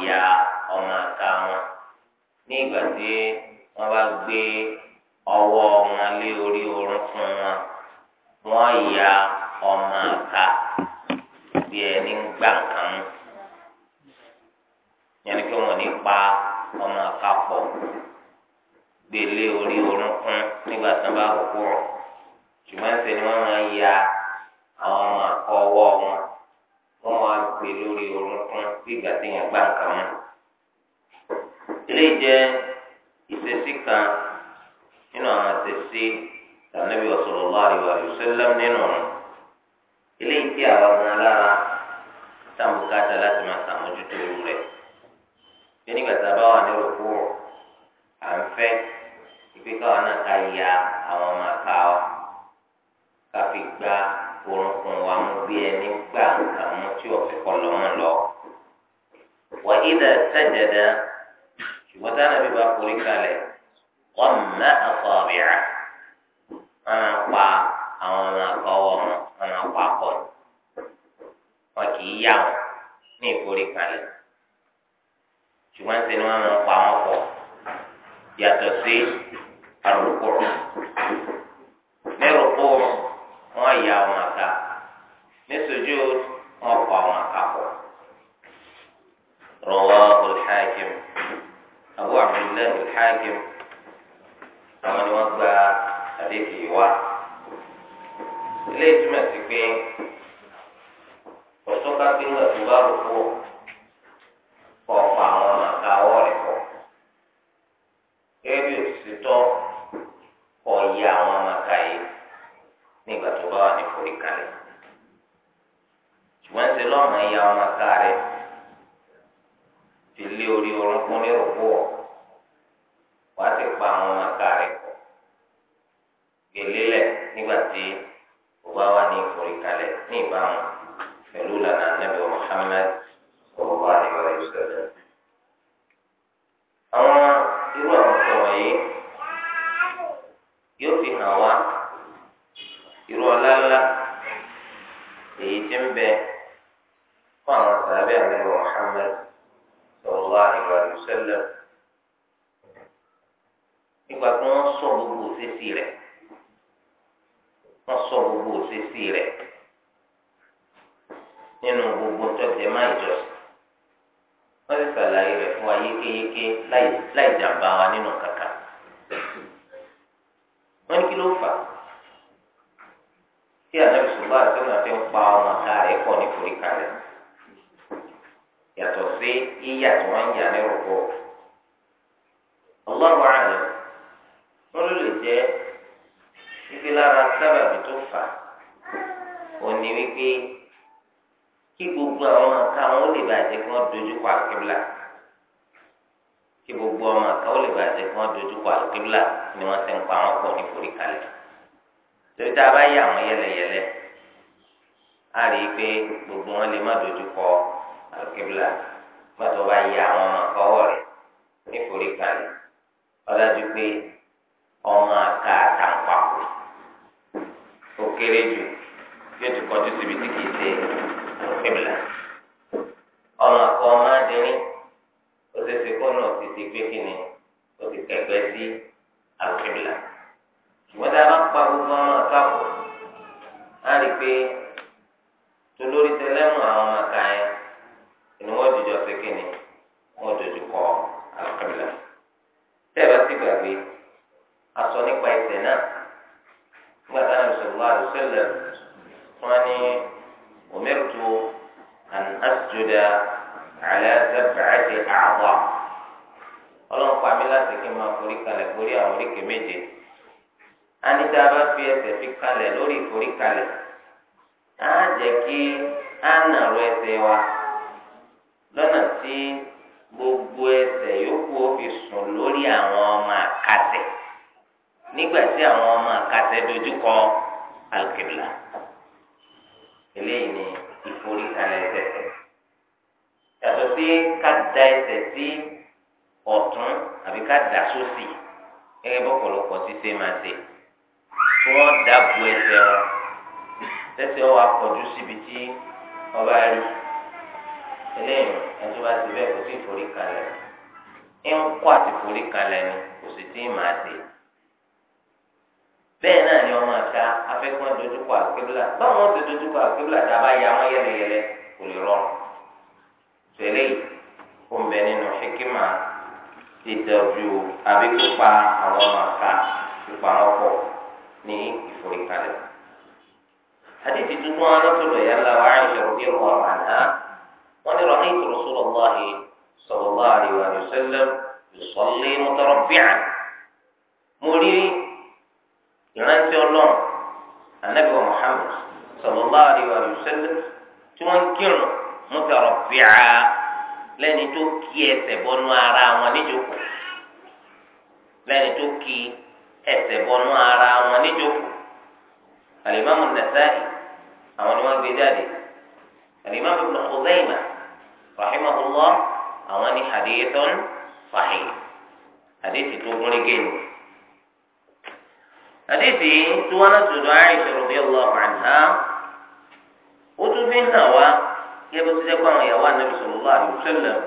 ìyá ọmọ àka wọn ní ìgbà tí wọ́n bá gbé ọwọ wọn lé orí orúnkún wọn wọ́n ya ọmọ àka bí ẹni ń gbà kàn mú yẹnni pé wọ́n ní pa e orí nígbà tí bá wọn wá gbé lórí orúnkún bí ìgbà tí yẹn gbà kà mọ. eléyìí jẹ ìṣesí kan nínú àwọn àṣesí tànàbí sallallahu alaihi wasallam nínú rẹ eléyìí tí àwọn ọmọ alára sàmùkátà láti máa sàmójútó irú rẹ nígbà tá a bá wà ní òkú à ń fẹ́ ìpínká wa náà ká ya àwọn ọmọ àká wa gba. orúnkún wa mú bí ẹni gbà nǹkan mú tí lọ. wà ilẹ̀ ṣùgbọ́n táwọn ẹbí bá forí kalẹ̀ wọ́n mẹ́ wọ́n pa àwọn ọmọ mọ́ wọ́n pa pọ̀ kì í yà wọ́n ní ìforí kalẹ̀ ṣùgbọ́n ṣe ni wọ́n máa pa pọ̀ yàtọ̀ sí wọn yà wọn àká nísojú wọn kọ àwọn O pọ. رواه الحاكم أبو عبد àwọn ni wọ́n gba àdéhìí wa ilé ìtumọ̀ sí pé ọ̀tọ́ka pé nígbà tó bá rò ọ̀pọ̀ àwọn ọwọ́ rẹ̀ tọ́ nígbà tó bá wà ní forí kalẹ̀ ṣùgbọ́n ṣe lọ́mọ ẹ̀yà ọmọ ká rẹ̀ fi lé orí orúnkún ní rògbò ọ̀ wá sí pa àwọn ọmọ ká rẹ̀ pọ̀ gbèlélẹ̀ nígbà tí ó bá wà ní forí kalẹ̀ ní ìbámu pẹ̀lú lànà Ànábì Muhammad sallallahu alaihi wasallam. àwọn irú àwọn ọ̀sẹ̀ wọ̀nyí yóò fi hàn wá irú ọlá ńlá èyí tí ń bẹ fún àwọn sàbẹ àlejò Muhammad sallallahu alaihi wasallam nígbà tí wọn sọ gbogbo òṣèṣì rẹ wọn sọ gbogbo òṣèṣì rẹ nínú gbogbo tọjẹ má ìjọsìn wọn sì ṣàlàyé rẹ fún wa yékéyéké láì jàmbá wa nínú kàkà wọn ní kí ló fà tí anabi sọlá àtẹnà fi ń pa ọmọ ká rẹ pọ ní foríka rẹ yàtọ̀ sí yíyà tí wọn ń yà ní rúkọ ọlọ́run àná wọn ló lè jẹ ibi lára sábàbí tó fà òní wípé kí gbogbo àwọn àká wọn ó lè bàjẹ́ kí wọ́n dojú kọ àkébìlà kí gbogbo ọmọ àká ó lè bàjẹ́ kí wọ́n dojú kọ àkébìlà ni wọ́n ti ń pa wọn pọ̀ ní foríkalẹ̀ torí tá a bá yà wọn yẹlẹyẹlẹ a rí i pé gbogbo wọn lè má dojú kọ alùkébìlà gbàtọ́ bá yà àwọn ọmọ akọ́wọ́ rẹ̀ níforí kalẹ̀ ọ̀dájú pé ọmọ àka àtàǹpàkò ó kéré jù yóò tún kọjú síbi tí kìí ṣe alùkébìlà ọmọ akọ ọmọ adìrín ó ṣeéṣe kó náà ti ti pé kí ni ó ti kẹgbẹ́ sí alùkébìlà. ṣùgbọ́n tá bá ń pa gbogbo á rí i pé tolórí tẹlẹ́mù àwọn yẹn ni wọ́n wọ́n kọ́ tẹ́ ẹ bá gbàgbé nípa ẹsẹ̀ náà nígbà láti kí n máa forí kalẹ̀ forí àwọn oríkèé méje. ani tá a bá fi ẹsẹ̀ fi kalẹ̀ lórí ìforíkalẹ̀ á jẹ́ kí á nàró ẹsẹ̀ wa lọ́nà tí gbogbo ẹsẹ̀ yòókù ó fi sùn lórí àwọn ọmọ àkàtẹ̀ nígbà tí àwọn ọmọ àkàtẹ̀ dojúkọ alùkìlà eléyìí ni ìforíkalẹ̀ ẹsẹ̀ yàtọ̀ sí ká da ẹsẹ̀ sí ọ̀tún àbí ká dà sósì gẹ́gẹ́ bọ́pọ̀lọpọ̀ ti ṣe máa ṣe tí wọ́n dàbò ẹsẹ̀ wọn tẹ́sí ọwọ́ akọ̀jú síbi tí ọba rí eléyìí ẹni tó bá ti bẹ́ẹ̀ kò sí ìforí kalẹ̀ ń kọ́ àti ìforí kalẹ̀ ni kò sì tí ì máa dé bẹ́ẹ̀ náà ni ọmọ àta afẹ́kọ́ dojúkọ àkébílà báwọn ti dojúkọ àkébílà tá a bá ya wọn yẹlẹyẹlẹ kò lè rọrùn tẹ́lẹ̀ kò ń bẹ nínú hikima ìtọ́jú àbí pípa àwọn ọmọ àta pípa ní ìforíkalẹ̀. حديث تنوى نصر يلا وعائشة رضي الله عنها قال رأيت رسول الله صلى الله عليه وسلم يصلي متربعا مريري ينسي الله النبي محمد صلى الله عليه وسلم تنكر متربعا لن تكي سبون وراء ونجوك لن تكي ẹsẹ̀ bọnú ara wọn níjókòó alimami nasa'i àwọn ni wọn gbé jáde alimami ibn khuzaima rahimahullah àwọn ni hadithun sahih hadithi tó gúnrégé ni hadithi tí wọn náà tòdó Aisha radiyallahu anha ó tún fi ń hàn wá yẹ bó ti jẹ́ àwọn ìyàwó anabi sallallahu alaihi wasallam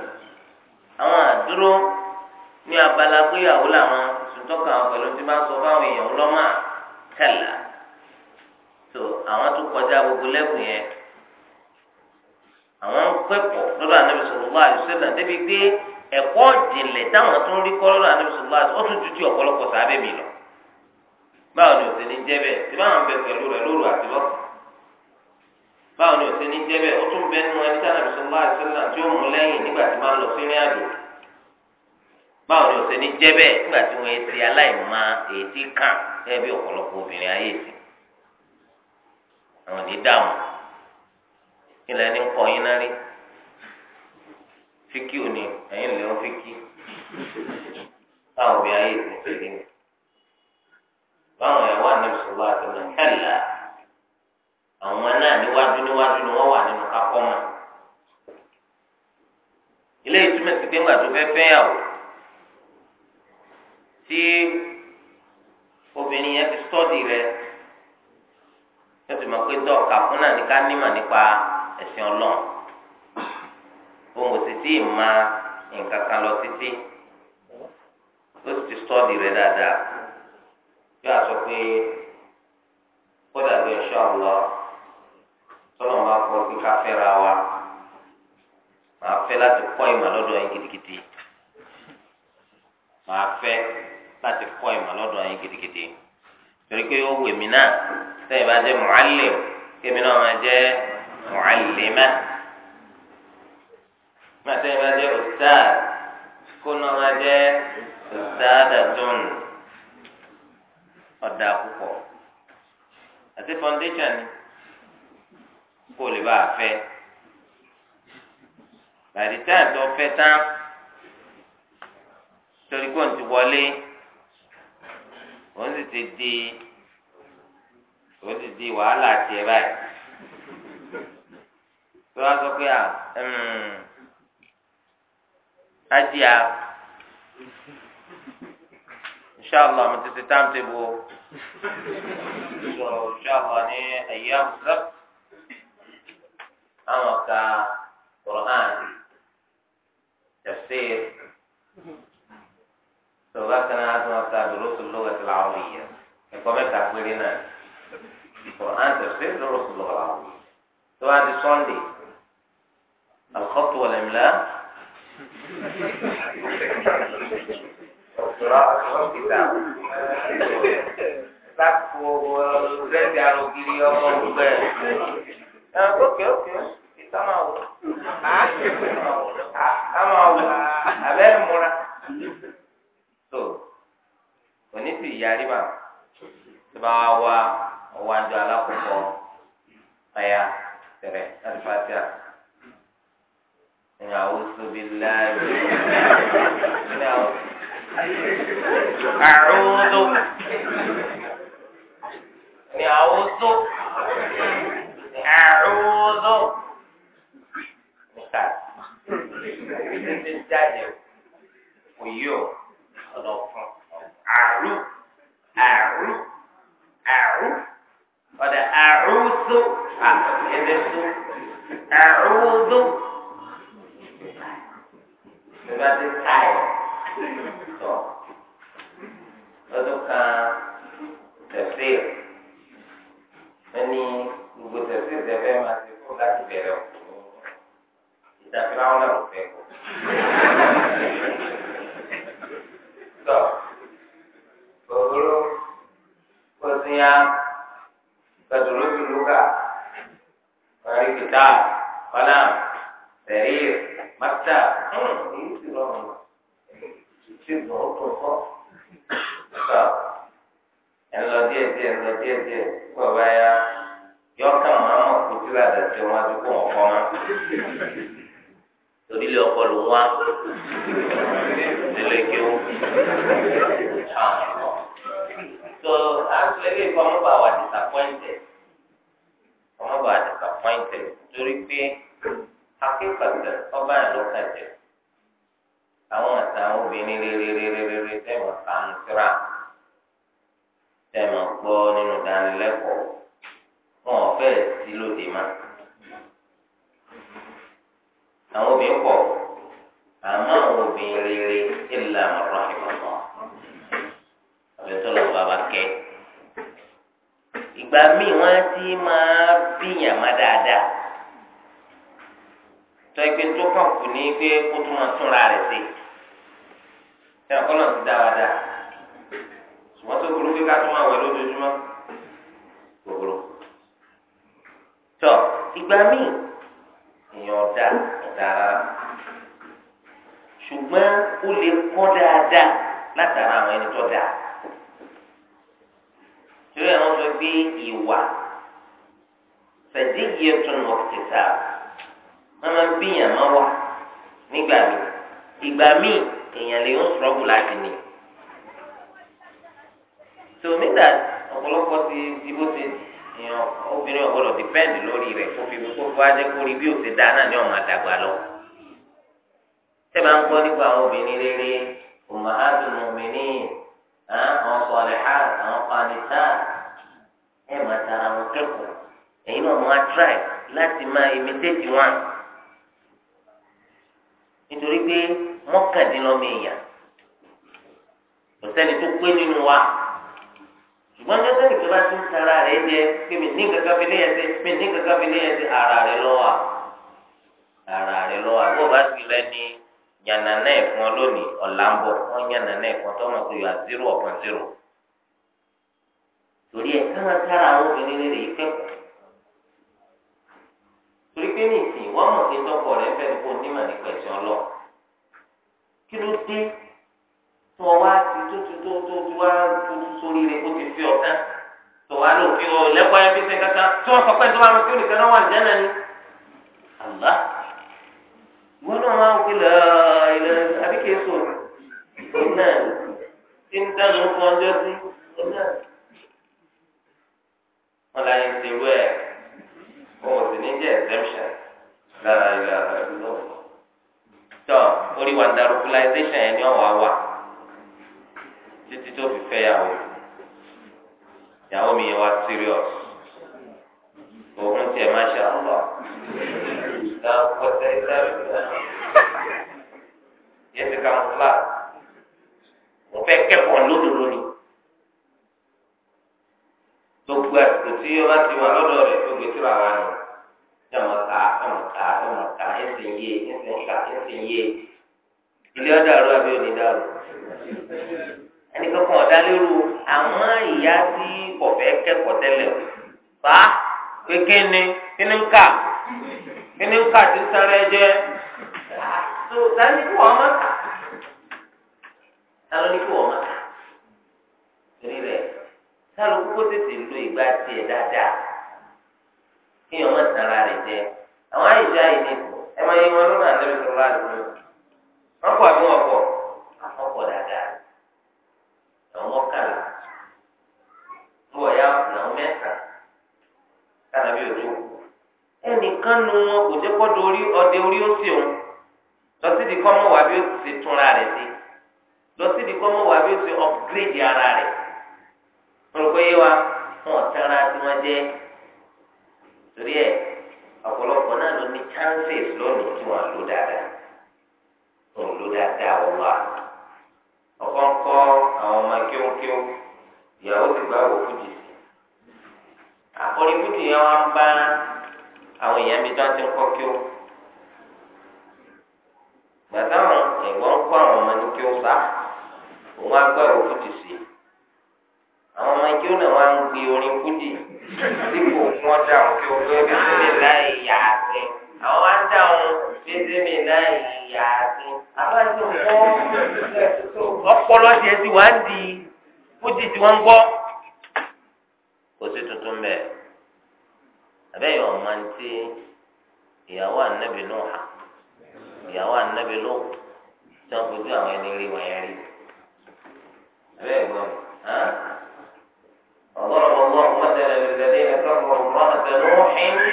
àwọn àdúró ní abala péyàwó làwọn tọ́ka àwọn pẹ̀lú tí bá sọ fáwọn èèyàn lọ́mà kẹlà tó àwọn tó kọjá gbogbo lẹ́kùn yẹn àwọn kẹ́kọ̀ọ́ lọ́dọ̀ ànábì sallallahu alaihi wasallam débi pé ẹ̀kọ́ ìjìnlẹ̀ táwọn tó ń rí kọ́ lọ́dọ̀ ànábì sallallahu alaihi wasallam ó tún ju ti ọ̀pọ̀lọpọ̀ sábẹ́ mi lọ báwo ni òsè ní jẹ́ bẹ́ẹ̀ tí báwọn bẹ pẹ̀lú rẹ̀ lóru àti lọ́sàn báwo ni òsè ní jẹ́ bẹ́ẹ̀ ó tún bẹ́ẹ̀ nu ẹni tí ànábì sallallahu alaihi wasallam tí ó mú lẹ́yìn nígbà tí máa ń lọ sí ní àdúgbò báwo ni òsè ní jẹ́ bẹ́ẹ̀ nígbà tí wọ́n ti aláìmọ èyí tí kàn ẹ bí ọ̀pọ̀lọpọ̀ obìnrin ayé sí àwọn ní dààmú ilẹ̀ ní kọ́ yín náà rí fíkì òní ẹ̀yìn lè wọ́n fíkì báwo bí ayé sí ṣe rí báwo ẹ̀wọ́ ànábìsọ̀lá àti nàìjíríà àwọn náà níwájú níwájú ni wọ́n wà nínú kápọ́mà ilé ìtumọ̀ sí pé ńgbà tó fẹ́ fẹ́ yàwó tí obìnrin yẹn fi sọ́ọ̀dì rẹ yóò ti mọ̀ pé dọ́ọ̀kà fún náà ní ká nímọ̀ nípa ẹ̀sìn ọlọ́run ohun òsì tí ì ma nǹkan kan lọ títí ó sì ti sọ́ọ̀dì rẹ dáadáa yóò sọ pé kódà bí insha Allah tọ́lọ̀ máa kọ́ pé ká fẹ́ra wa máa fẹ́ láti kọ́ ìmọ̀ lọ́dọ̀ yín gidigidi máa fẹ́ láti kọ́ ìmọ̀ lọ́dọ̀ yín gidigidi torí pé ó wù mí náà sẹ́yìn bá jẹ́ mu'allim kémi náà máa jẹ́ mu'allima máa sẹ́yìn bá jẹ́ ustaz kó náà máa jẹ́ ustadatun ọ̀dà púpọ̀ àti foundation kò lè bá a fẹ́ by tó fẹ́ tán torí kò ń ti wọlé òun sì ti di òun sì di wàhálà tiẹ̀ báyìí tó wá sọ pé à ájì à inṣàlá mo ti ti táǹtẹ̀bù o inṣàlá ní ẹ̀yà ọ̀sẹ̀ àwọn ọ̀ka Quran tafsir. tó bá kan náà tó máa ta durusul lughah al-arabiyya ẹ̀kọ́ mẹ́ta péré náà Qur'an tafsir durusul lughah al-arabiyya tó bá di Sunday al-khatt wal-imla قراءة الكتاب lápò rẹ́ẹ̀dì arògiri ọmọ ọgbẹ́ ẹ̀ ókè ókè ìta máa wò á máa wò abẹ́ múra tó òní sì yarí mà tó bá wá ọwọ́ àjọ alákòókò ẹ̀yà tẹ̀rẹ̀ láti fàtíà. أعوذ بالله أعوذ ni àwòsó àwòsó níta títí jáde kò o ọ̀dọ̀ fún àrú àrú àrú ọ̀dọ̀ àrúzó ẹ̀bẹ̀ tó àrúzó ìgbà tí táyà tọ̀ lọ́dún kan tẹ̀síì wọ́n ní gbogbo tẹ̀síì tẹ̀fẹ́ máa tọ òwúrò kòsíyà kàdúró tìlúkà ọ̀rí kìtà kọ́nà tẹ̀ríyè mọ́tà èyí sì rọrùn èyí sì rọrùn tó kọ́ tọ ẹ̀ lọ díẹ̀ díẹ̀ lọ díẹ̀ díẹ̀ kọ́ báyà yọ ọ́ kàn máa dàtí wọn adúgbò wọn kọ́ máa torí ilé ọkọ ló ń wá nílé kí ó hàn lọ. so àtúnṣe ilé ìfọwọ́ bá wà disappointed ọmọ bá wà disappointed torí pé akẹ́kọ̀ọ́ ọba ẹ̀ ló kàn jẹ́ àwọn àti àwọn obìnrin rere tẹ̀wọ̀n kàńtìrà tẹ̀wọ̀n gbọ́ nínú ìdánilẹ́kọ̀ọ́ wọn ò fẹ́ẹ̀ sí lóde máa àwọn obìnrin pọ̀ àmọ́ àwọn obìnrin rere ìlà àmọ̀ràn ìmọ̀ràn àbẹ̀tọ́lọ̀ bàbá kẹ́ ìgbà míì wọ́n ti máa bíyàn má dáadáa tọ́ ìpè tó kàn kù ní pé kó tún máa túnra rẹ̀ sí ẹ̀ ọ̀kọ́ náà ti dá wa dáa ṣùgbọ́n tó burú pé ká tún máa lójoojúmọ́ gbogbo tọ́ ìgbà míì èèyàn ọ̀dà dára ṣùgbọ́n ó lè kọ́ dáadáa látara àwọn ẹni tó dáa torí àwọn sọ pé ìwà fẹ̀díyẹ tún ọ̀kìtà wọ́n máa ń bíyàn máa wà nígbà míì ìgbà míì èèyàn lè ń sọ̀rọ̀ láti ní. tòmítà ọ̀pọ̀lọpọ̀ ti di bó ti di. èèyàn obìnrin ọ̀gbọ́dọ̀ dìpẹ́ǹdì lórí rẹ̀ kó fi kó fi wájẹ́ kó rí bí òsè dá náà ní ọ̀mà àdàgbà lọ. tẹ́ bá ń gbọ́ nípa àwọn obìnrin rere ọ̀màhádùn mọ̀mìnì ah, àwọn ha àwọn fanitá ha máa tara wọn kẹ́kọ̀ọ́ ẹ̀yin náà máa tíráì láti máa imitéètì wọn. nítorí pé mọ́kàndínlọ́mọ èèyàn kò sẹ́ni tó pé nínú wa. ṣùgbọ́n ní ọjọ́ nìkan bá ti ń tara rẹ̀ jẹ pé mi ní kankan fi léyẹ sí mi ní kankan fi léyẹ sí ara rẹ̀ lọ́wọ́ ara rẹ̀ lọ́wọ́ àbúrò bá ti rẹ ní yànnànà ẹ̀fọn lónìí ọ̀la ń bọ̀ wọ́n yànnànà ẹ̀fọn tọ́mọ̀ tó yà zero upon zero. torí ẹ ká máa tara àwọn obìnrin rẹ̀ yìí kẹ́kọ̀ọ́ torí pé ní ìsìn wọ́n mọ̀ sí tọ́kọ̀ rẹ̀ fẹ́ẹ́ tó wá ti tó tó tó tó tó wá tó sórí rẹ̀ kó ti fi ọ̀tá tó wá lò fi lẹ́kọ̀ọ́ yẹn fi sẹ́ kankan tí wọ́n sọ pé tó wá lọ sí olùkẹ́ náà wà ní jẹ́nà ni. àlá wọn náà máa ń pè lọ ilẹ̀ àbíkẹ́ sọ̀rọ̀ iná tí ń dáná fún ọjọ́ sí iná. wọn láyé ti wẹ̀ wọn ò sì ní jẹ́ exemption lára ilẹ̀ àbíkẹ́ sọ̀rọ̀. orí wa darúkú láìsẹ́sẹ̀ yẹn ni ọ̀ wà títí tó fi fẹ́ yàwó yàwó mi yẹn wá serious òun tiẹ̀ máa ṣe àlọ́ dáńkọ́tẹ́ ìdáríkà yẹn ti ka ń fúlà mo fẹ́ kẹ́kọ̀ọ́ lódodo ni gbogbo àsìkò tí ọba ti wà lọ́dọ̀ rẹ̀ tó gbé síra wa nù ẹmọ ta ẹmọ ta ẹmọ ta ẹsẹ̀ yé ẹsẹ̀ ta ẹsẹ̀ yé ilé ọ̀dà rú àbí onídàrú. ẹni kankan ọ̀dá lérò àmọ́ ìyá tí ọ̀fẹ́ kẹ́kọ̀ọ́ tẹ́lẹ̀ o bá kéke ni kíni ń kà kíni ń kà tí sáré jẹ́ tó sáré kí wọ́n má kà sáré má kà torí sáré kókó tètè lo ìgbà tiẹ̀ dáadáa kí wọ́n má tara rẹ̀ àwọn máa yẹ wọn lọ́nà mọ́kànlá bọ̀ ya náà mẹ́ta kánábí òjò ẹnìkan nu wọn kò kọ́ dorí ọdẹ orí ó sì òun lọ sí di kọ́mọ wà bí ó ti túnra rẹ̀ sí lọ sí di kọ́mọ wà bí ó ti upgrade ara rẹ̀ yé wa wọn ọkọ ń kọ́ àwọn ọmọ kíókíó ìyàwó ti gbá wò fújì sí akọrin fújì yẹn wọn bá àwọn èèyàn mi dá ti ń kíó gbàtà wọn ẹ̀gbọ́n ń àwọn ọmọ ní kíó sá òun wò àwọn ọmọ kíó bísímì náà ìyá àti àbájọ gbọ́. ọpọlọ tiẹ̀ ti wá di fújì tí wọ́n ń gbọ́. kò sí tuntun bẹ́ẹ̀ àbẹ́yẹ̀ ọ̀ma ti ìyàwó ànábì Nuha ìyàwó ànábì Nuh tí wọ́n fojú àwọn ẹni rí wọ̀nyẹn rí. àbẹ́yẹ̀ gbọ́ ọ̀gọ́rọ̀ ọ̀gọ́rọ̀ mọ́tẹ́lẹ̀ lẹ́lẹ́dẹ́ ẹ̀kọ́ ọ̀rọ̀ mọ́tẹ́lẹ̀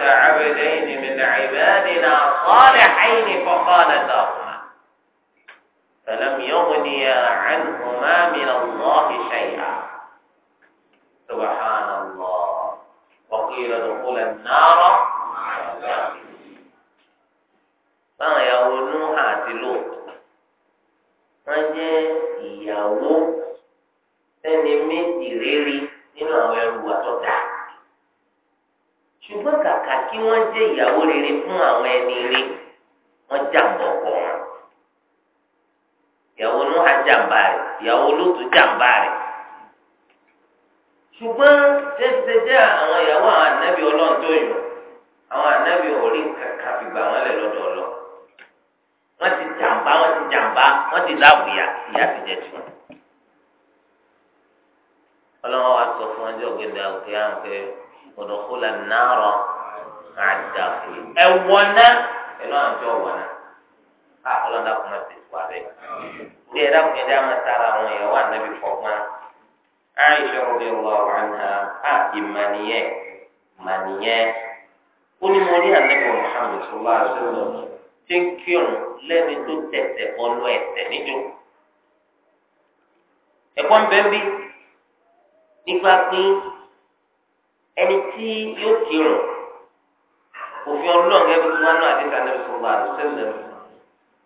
أخرجت عبدين من عبادنا صالحين فخانتاهما فلم يغنيا عنهما من الله شيئا سبحان الله وقيل دخول النار báwọn ìyàwó núhà àti lò wọn jẹ ìyàwó sẹni méjì rírì nínú àwọn ẹrù ṣùgbọ́n kàkà kí wọ́n jẹ́ ìyàwó rere fún àwọn ẹni rí wọ́n jàǹbọ̀ pọ̀ wọn. ìyàwó ló ha jàǹbá rẹ̀ ìyàwó ló tún jàǹbá rẹ̀. ṣùgbọ́n ṣẹ́ṣẹ́ àwọn ìyàwó àwọn ànábì ọlọ́run àwọn ànábì orí kàkà fi gbà lẹ̀ lọ́dọ̀ lọ. wọ́n ti jàǹbá wọ́n ti jàǹbá wọ́n ti láwùyà ìyá ti jẹ tù. wa sọ fún ọ̀dọ̀kúlà nàárọ̀ àdàkù ẹ̀wọ̀nà pẹ̀lú àwọn ọjọ́ wọ̀nà a ọlọ́dà kò má ti tu abẹ́ bí ẹ̀dá kò ẹ̀dá máa tara àwọn ìyàwó ànábì fọ́gbọ́n àìsàn òbí ọlọ́ àwàǹhà a ìmànìyẹ ìmànìyẹ ó ní mo rí ànábì Muhammad sọlá àṣẹlẹ tí ń kírun lẹ́ni tó tẹ̀sẹ̀ bọ́lú ẹ̀sẹ̀ níjó ẹ̀kọ́ ń bẹ́ẹ̀ bí nígbà pín ẹni tí yóò kírun òfin ọlọ́run gẹ́gẹ́ bí wọn náà àdéhùn àti sọ̀rọ̀ àdùsẹ́lẹ̀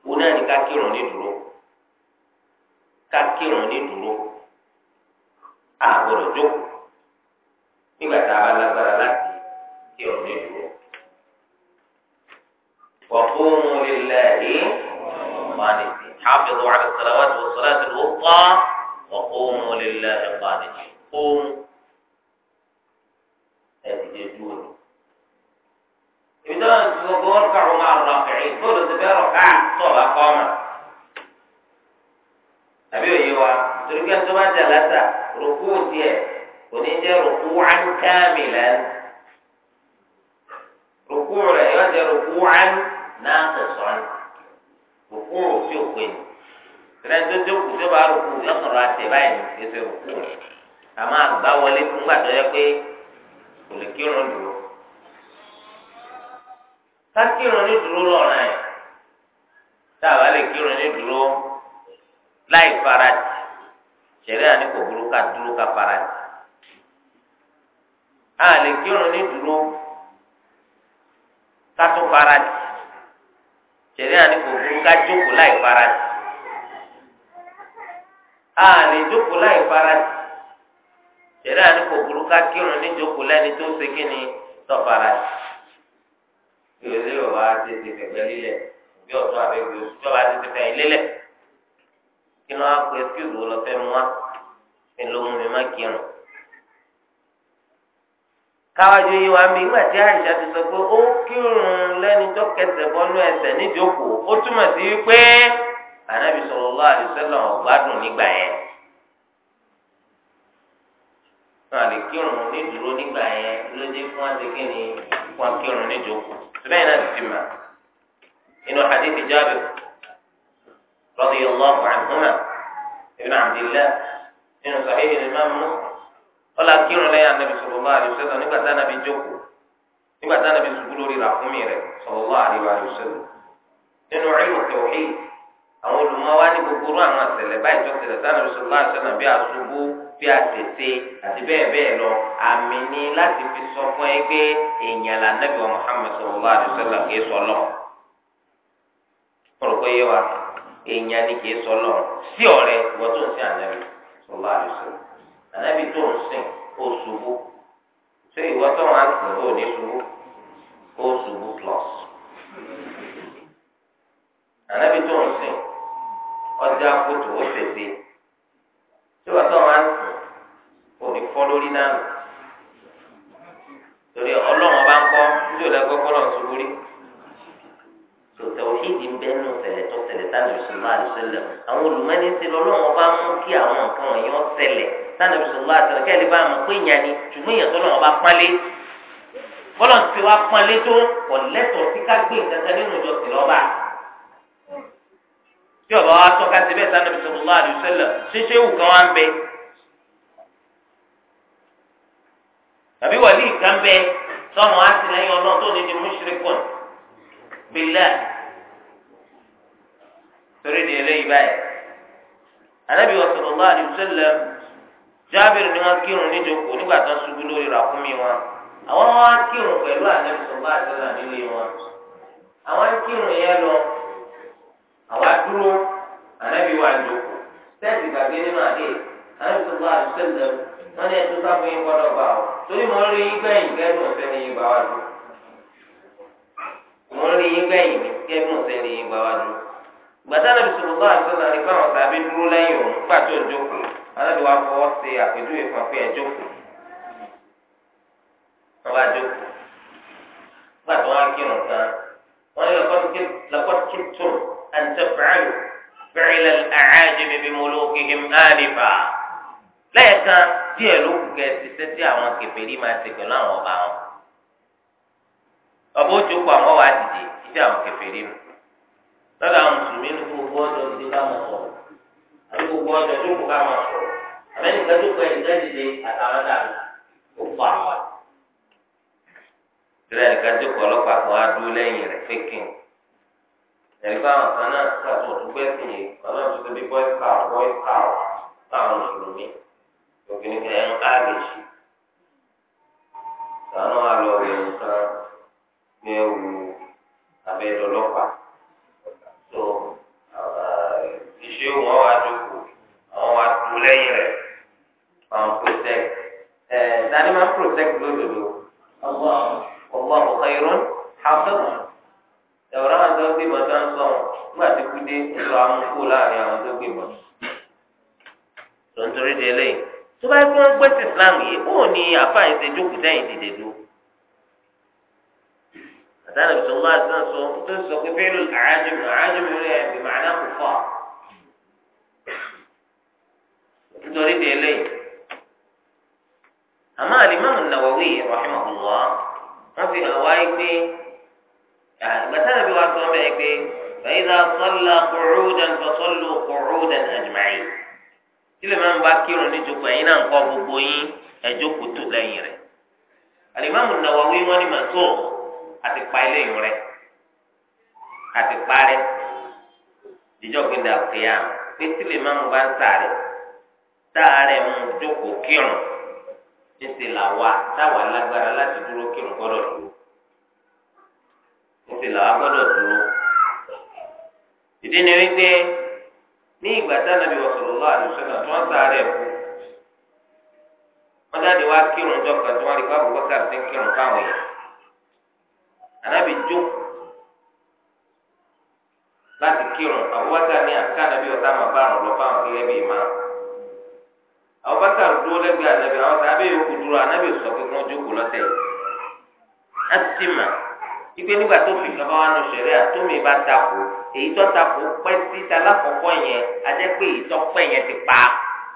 wọn náà ní ká kírun ní dúró ká kírun ní dúró àgbọ̀dọ̀ jókòó nígbà tá a bá lágbára láti kírun ní dúró. وقوموا لله قانتين حافظوا على الصلوات والصلاة الوسطى وقوموا لله قانتين قوموا ẹ̀dìjẹ́ dúró ni. ibi tó náà ti gbogbo wọn kàrọ̀ máa rọ̀ kẹ̀yìn tó lọ sí bẹ́ẹ̀ rọ̀ káà tó ọ̀la kọ́ ọ̀mà. àbí òye wa torí pé tó bá jà látà rògbò tiẹ̀ kò ní jẹ́ rògbò ànkámi lẹ́nu. rògbò rẹ̀ yọ jẹ́ rògbò àn náà tẹ̀sán. rògbò rò sí òpin. tẹ̀lé tó kù tó bá rògbò yọ sọ̀rọ̀ àtẹ̀ báyìí ní àmọ́ àgbà wọlé kò lè kírun dúró ká kírun ní dúró lọ́rùn ẹ̀ tá a bá lè kírun ní dúró láì farati ṣẹ̀rí àní kò burú ká dúró ká farati a lè kírun ní dúró ká tún farati ṣẹ̀rí àní kò burú ká jókòó láì farati a lè jókòó láì farati. ṣẹlẹ̀ àní kò burú ká kírun níjókòó lẹ́ni tó ṣe ni tọ́fara ṣe ilé ti ti fẹ̀gbẹ́ lílẹ̀ bí ọ̀tún àbẹ̀gbẹ̀ oṣù tí ọba ti ti fẹ̀yìn lélẹ̀ kí ló wá pé lọ fẹ́ mu wá ẹ ló mú mi má kírun. káwájú yìí mi ìgbà tí ti sọ pé ó kírun lẹ́ni tó kẹsẹ̀ náà lè kírun nídúró nígbà yẹn ló dé fún àtẹkẹ́ ni wọn kírun níjókòó síbẹ̀ náà ti fi mà inú hadithi Jabir radiyallahu anhuma ibn Abdillah nínú Sahih al-Imam Muslim ọlá kírun lẹ́yìn anabi sallallahu alaihi wasallam nígbà tá anabi jókòó nígbà tá anabi sùkúrò rí ràkúnmí rẹ̀ sallallahu alaihi wasallam àwọn olùmọ̀wá ní gbogbo àwọn àṣẹlẹ̀ báyìí tó ṣẹlẹ̀ sáà nàbí sọ̀rọ̀ láti sọ̀nà bí aṣubú bí àtẹ̀tẹ̀ àti bẹ́ẹ̀ bẹ́ẹ̀ lọ àmì ni láti fi sọ fún ẹ pé èèyàn là nàbí wa Muhammad sallallahu alaihi wasallam kì í sọ lọ. ọ̀rọ̀ pé yé wa èèyàn ni kì í sọ lọ sí ọ̀rẹ́ ìwọ tó ń sin ànábì sallallahu alaihi wasallam ànábì tó ń sìn ó ṣé ìwọ tó wà ń sìn ó ní ọjà kótó ó tètè tí wọ́n tó máa ń sùn kò ní fọ́ lórí náà torí ọlọ́run bá ń kọ́ tí ò lẹ́gbẹ́ kọ́ lọ́n ṣubú rí tòtẹ́ òhídìí ń bẹ́ẹ̀ nù ṣẹlẹ̀ tó ṣẹlẹ̀ táwọn ìṣòro àdìsẹ́lẹ̀ àwọn olùmọ́ni ń ṣe lọ́lọ́run bá mú kí àwọn nǹkan wọ̀nyí wọ́n ṣẹlẹ̀ táwọn ìṣòro àdìsẹ́lẹ̀ kẹ́lẹ́ bá mọ̀ pé ìyá ni ṣùgbọ́n ìyẹn tó lọ́run bá pọ́nlé bọ́lọ̀ ti wá pọ́nlé tó kọ̀ lẹ́tọ̀ọ́ sí ká gbé nǹkan nínú ìjọsìn tí ọba wa tọ́ka sí bẹ́ẹ̀ sanabi sallallahu alaihi wasallam ṣíṣe wù kan wá ń bẹ tàbí wàlí kan bẹ sọmọ àtìlẹ́yìn Ọlọ́run tó ní di mushrikun billah torí di eléyìí báyìí anabi wa sallallahu alaihi wasallam Jábìrì ni wọn kírun níjókòó nígbà tó ń ṣubú lórí ràkúnmí wọn àwọn wọn kírun pẹ̀lú anabi sallallahu alaihi nílé wọn àwọn kírun yẹn lọ. àwa dúró ànábì wa jókòó sẹ́ẹ̀sì gbàgbé nínú àdé ànábì tó bá àdúgbò wọn ní ẹtú sáfún yín gbọ́dọ̀ bá ọ torí mo ń rí yín gbẹ̀yìn gẹ́gùn ọ̀sẹ̀ ní yín bá wá dúró mo ń rí yín gbẹ̀yìn gẹ́gùn ọ̀sẹ̀ ní yín bá wá dúró gbàtà tó bá wà fọwọ́ àpèjúwe fún أن تفعلوا فعل الأعاجم بملوكهم آنفا lẹ́ẹ̀kan díẹ̀ ló kù kẹ́ ṣiṣẹ́ tí àwọn kẹfẹ́rí máa ṣe pẹ̀lú àwọn ọba wọn ọba ojú kọ àwọn wà dìde títí àwọn kẹfẹ́rí mu lọ́dọ̀ àwọn mùsùlùmí ní gbogbo ọjọ́ ti bá wọn sọ̀rọ̀ àbí gbogbo ọjọ́ tó kù bá wọn sọ̀rọ̀ àbẹ́nìkan tó kọ ẹ̀dínkà dìde àtàwọn dàrú ó kọ àwọn. ìrẹ́nìkan tó kọ ọlọ́pàá kan á dúró lẹ́yìn rẹ̀ fẹ́kìn ẹ̀rí báwọn kan náà kàtó òtúgbẹ́sì yìí wọn náà tún ti bí boy scout boy scout táwọn mùsùlùmí obìnrin kan ẹ̀ ń ágèjì sànù àlọ́ nǹkan ní ewu abẹ́dọ̀lọ́pàá tó eh, iṣẹ́ wọn wá dúkù àwọn wá dúró lẹ́yìn rẹ̀ àwọn protect ẹ̀ eh, dání máa protect lódodo ọgbọ́n ọgbọ́n irun hafẹ́ wọn. ẹ̀wọ̀n àwọn tó ń gbé ìbọn ń sọ̀rọ̀ nígbà tí kú dé ìṣọ amúkú láàrin àwọn tó gbé ìbọn. tó ń eléyìí tó bá yẹ kí wọ́n gbé sí Islam yìí ó ní àfààní ṣe jókòó sẹ́yìn dìde dúró. àtàlẹ́ bisọ̀ ńlá àti náà sọ tó sọ pé bẹ́ẹ̀ ló àájọmọ̀ àájọmọ̀ rẹ̀ bí màánà kò fọ́. nítorí de eléyìí àmọ́ Imam Nawawi rahimahullah wọ́n fi hàn wáyé pé. gbàtànà bí wàá sọ bẹ́ẹ̀ pé fàyídà sọ́là kùrúdàn fọ́sọ́lù kùrúdàn àjùmáyì tí lè máa ń bá kírun níjókòó ẹ̀yin náà ń kọ́ gbogbo yín ẹ̀jókòó tó lẹ́yìn rẹ̀ alimami Nawawi wọn ni màtó àti pa eléyìí rẹ̀ àti parẹ́ ìjọ́ gbẹ̀dẹ̀ àkùyàm pé tí lè máa ń bá ń sàárẹ̀ sàárẹ̀ mú jókòó kírun níṣẹ́ làwa táwa lágbára láti dúró kírun gbọ́dọ̀ dúró. níṣẹ́ làwọn gbọ́dọ̀ dúró. ìdí ni wípé ní ìgbà tánàbí sallallahu alaihi wasallam tí wọ́n sáré ẹ̀kú jáde wá kírun jọ tí wọ́n rí báwo bọ́kà ti ń kírun fáwọn yẹn. ànábì jó láti kírun àbúbákà ní àkànàbí ọ̀tá máa bá àrùn lọ fáwọn dúró àwọn yòókù dúró sọ pé kí jókòó yìí. ipe nígbà tó fi kan bá wà nù sẹ̀rí àtúmì bá takò èyí tó takò pẹ́ sí talákọ̀ọ́kọ́ yẹn ajẹ́ pé èyí tó pẹ́ yẹn ti pa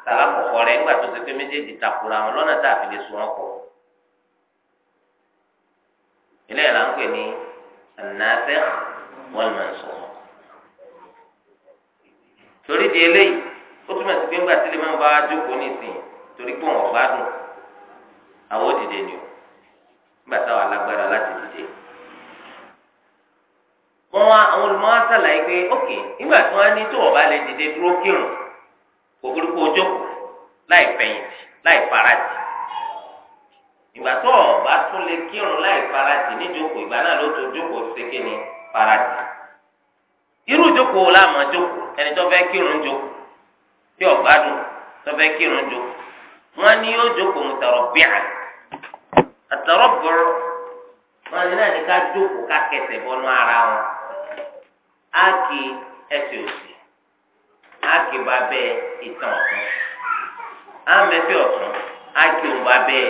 talákọ̀ọ́kọ́ rẹ̀ nígbà tó ti pé méjèèjì takòra wọn lọ́nà tá a fi lè so wọn pọ̀. ilé ìlà ń pè ní ànáfẹ́ wọ́n máa ń sọ wọn. torí di eléyìí ó túmọ̀ sí pé ńgbà tí lè máa bá wa jókòó nìsín torí pé wọn ò gbádùn àwọn òdìdè ni ò ńgbà táwọn alágbára láti d wọn wá àwọn olùmọ̀ọ́ sàlàyé pé ókè nígbà tí wọ́n ní tó ọ̀bá lè dìde dúró kírun kò burúkú ojó láì fẹ̀yìntì láì farajì ìgbà tó ọ̀bá tún lè kírun láì farajì níjókòó ìgbà náà ló tó jókòó k'irun ní farajì irú jókòó láàmú jókòó ẹni tó fẹ́ kírun jókòó tí dùn tó fẹ́ kírun jókòó ní yóò jókòó bíà áàkì ẹsẹ̀ òsì áàkì bá bẹ ìtàn ọ̀tún àmẹ́fẹ́ ọ̀tún áàkì òun bá bẹ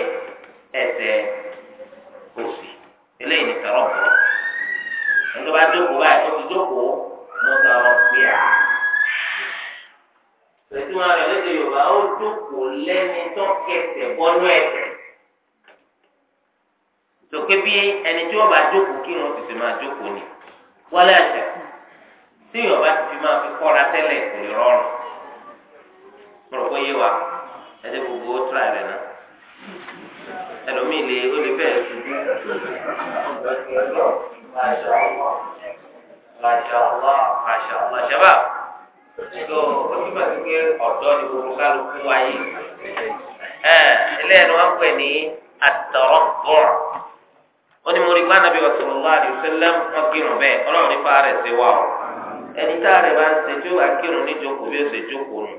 ẹsẹ̀ òsì eléyìí ni tọrọ bọ̀ ẹni bá jókòó báyìí ó ti jókòó mo tọrọ bíà tẹ̀síwọ́n rẹ̀ lédè Yorùbá ó jókòó lẹ́ni tó kẹsẹ̀ bọ́nú ẹ̀sẹ̀ tòkè bí ẹni tí wọ́n bá jókòó kí wọ́n tètè máa jókòó ni wọ́n lẹ́sẹ̀ tí èèyàn bá ti fi máa fi kọ́ra tẹ́lẹ̀ kò lè rọrùn mo rò pé yé wa ẹdí gbogbo ó tra rẹ̀ náà ẹlòmíì lè ó lè bẹ́ẹ̀ ṣubú. Màṣàlá ṣàbà tó o túbọ̀ sí pé ọ̀dọ́ ni gbogbo kálukú wáyé. Ẹlẹ́yìn wọn pè ní àtọ̀rọ̀gbọ̀. Ó ní mo rí gbá nàbí ọ̀sọ̀rọ̀ lọ́wọ́ àdìsẹ́lẹ̀ wọn kírun bẹ́ẹ̀ ọlọ́run nípa rẹ̀ ṣe wà o ẹni tá a rẹ̀ bá ń ṣe tí ó wà kírun níjókòó bí ó ṣe jókòó nù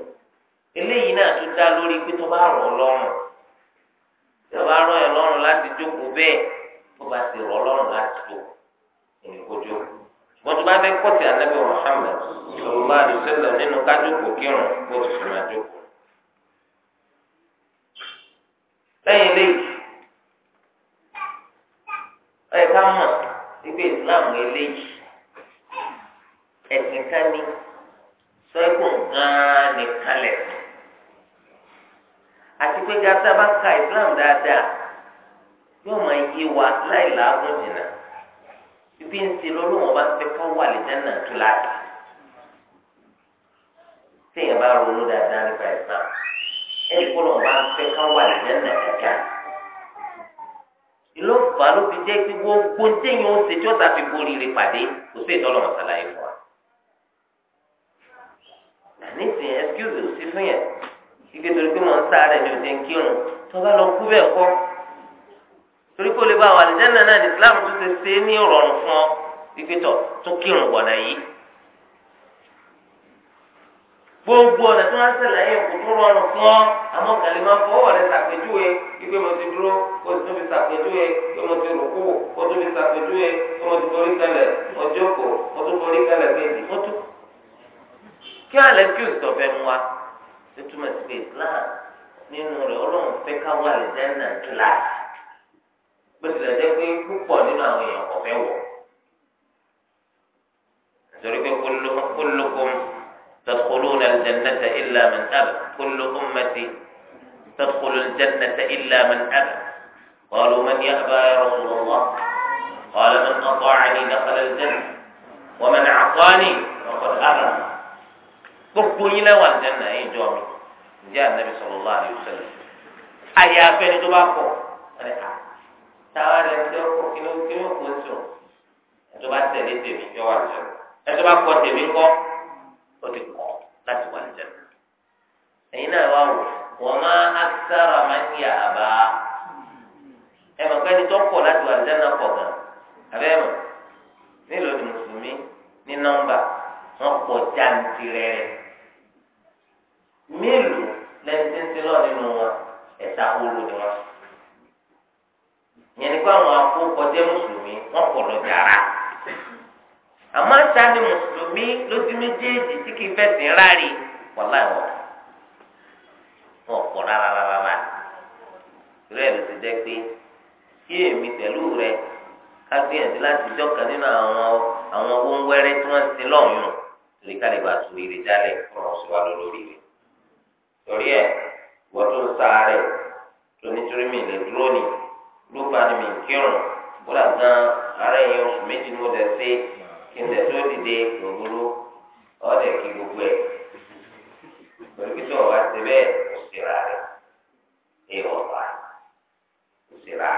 eléyìí náà tún dá lórí pé tó bá rọ̀ ọ́ lọ́rùn tó bá rọ̀ ọ́ lọ́rùn láti jókòó bẹ́ẹ̀ tó bá ti rọ̀ ọ́ lọ́rùn láti jókòó ìnìkójó ṣùgbọ́n tó bá fẹ́ kọ́tì ànábì Muhammad sọlọ́lá àdùsẹ́lẹ̀ nínú kájókòó kírun bó ti fi máa jókòó. lẹ́yìn eléyìí ẹ̀ ká mọ̀ wípé Islam eléyìí ẹ̀sìn kan ní sẹ́kùn gan-an nìkan lẹ̀sìn àti pé gata bá ka Islam dáadáa yóò máa yé wa láì làágùn jìnnà ibi ń ti lọ́lọ́wọ́n bá fẹ́ ká wà lè dáná tó láti téèyàn bá ronú dáadáa nípa Islam ẹni kó lọ́wọ́n bá fẹ́ ká wà lè dáná kíkà ìlú ọ̀fà ló fi jẹ́ pé gbogbo téèyàn ó ṣe tí ó borí rẹ̀ pàdé kò sí ìtọ́lọ́mọ̀sálà yìí fún wa. fún yẹn ike torí pé mò ń sáré ní òde ń kírun tó bá lọ kú bẹ́ẹ̀ kọ́ torí kó lè bá àwọn àlìjẹ́nà náà ní Islam tó ṣe ṣe ní ìrọ̀rùn fún ọ ike tọ̀ tó kírun gbọ̀nà yìí gbogbo ọ̀nà tí wọ́n ń sẹ̀láyé kò tó rọrùn fún ọ àmọ́ kàlí máa fọwọ́ rẹ ṣàpèjúwe wípé mo ti dúró kó tó fi ṣàpèjúwe pé mo ti rùkú kó tó fi ṣàpèjúwe pé mo ti forí kalẹ̀ mo jókòó mo tó forí kalẹ̀ kejì mo tó. kí alẹ́ kí o sọ̀fẹ́ mu tó túmọ̀ sí pé Islam nínú rẹ̀ ọlọ́run fẹ́ ká wà lè dáná kíláàsì bó tilẹ̀ jẹ́ pé púpọ̀ nínú àwọn èèyàn kò fẹ́ wọ̀ nítorí pé kullukum tadkhuluna nà jannata illa man aba kullu ummati tadkhulu al-jannata illa man aba qalu man ya'ba ya Rasulullah qala man ata'ani dakhala al-jannah wa man 'asani faqad aba. gbogbo yín lẹ́wọ̀ àlùjáná ẹ̀yìn jọ mi ǹjẹ́ ànábì sallallahu alaihi wasallam àyà afẹ́ni tó bá kọ̀ ẹ̀ à táwa rẹ̀ ń dẹ́kọ̀ kí ló kí ló kó sọ ẹ̀ tó bá tẹ̀lé tèmi yọ wà lùjáná ẹ̀ tó bá kọ̀ tèmi ńkọ́ ó ti kọ̀ láti wà lùjáná ẹ̀yin náà wà wò wọ́n máa akthara man ya'ba ẹ̀ mọ̀ pé tó kọ̀ láti wà lùjáná kọ̀ gan abẹ́ mọ̀ nílò ní ní nọ́mbà wọn pọ̀ jáǹtirẹ̀rẹ̀ mélòó lẹ́sẹ̀nsẹ̀ lọ nínú wọn ẹ̀ta olú ni wọn. yẹn ni pé àwọn akókọjẹ́ mùsùlùmí wọ́n pọ̀ lọ jàrá. àmọ́ ta ni mùsùlùmí lójú méjèèjì tí kì í fẹ̀sìn rárí wọ́n láì wọ́n. wọ́n pọ̀ rárá rárá rárá. ìrẹ́ ló ti jẹ́ pé kí èmi pẹ̀lú rẹ ká gbìyànjú láti jọ́kan nínú àwọn àwọn owó ń wẹ́rẹ́ tí wọ́n ti lọ́ọ̀yún lè ká lè bàtú ìrèjálẹ̀ kọ́ ọ̀ṣun wa lórí rẹ̀. torí ẹ̀ wọ́n tún sáré tó nítorí mi lè dúró ni mi bóra gan ara ẹ̀yìn oṣù méjì ni mo dẹ̀ sí kí n tẹ̀ tó dìde gbogbo ọ̀dẹ̀ kí gbogbo ẹ̀ torí pé tí wọ́n wá ti bẹ́ẹ̀ kò sí ra rẹ̀ ẹ̀ wọ́n wá kò sí torí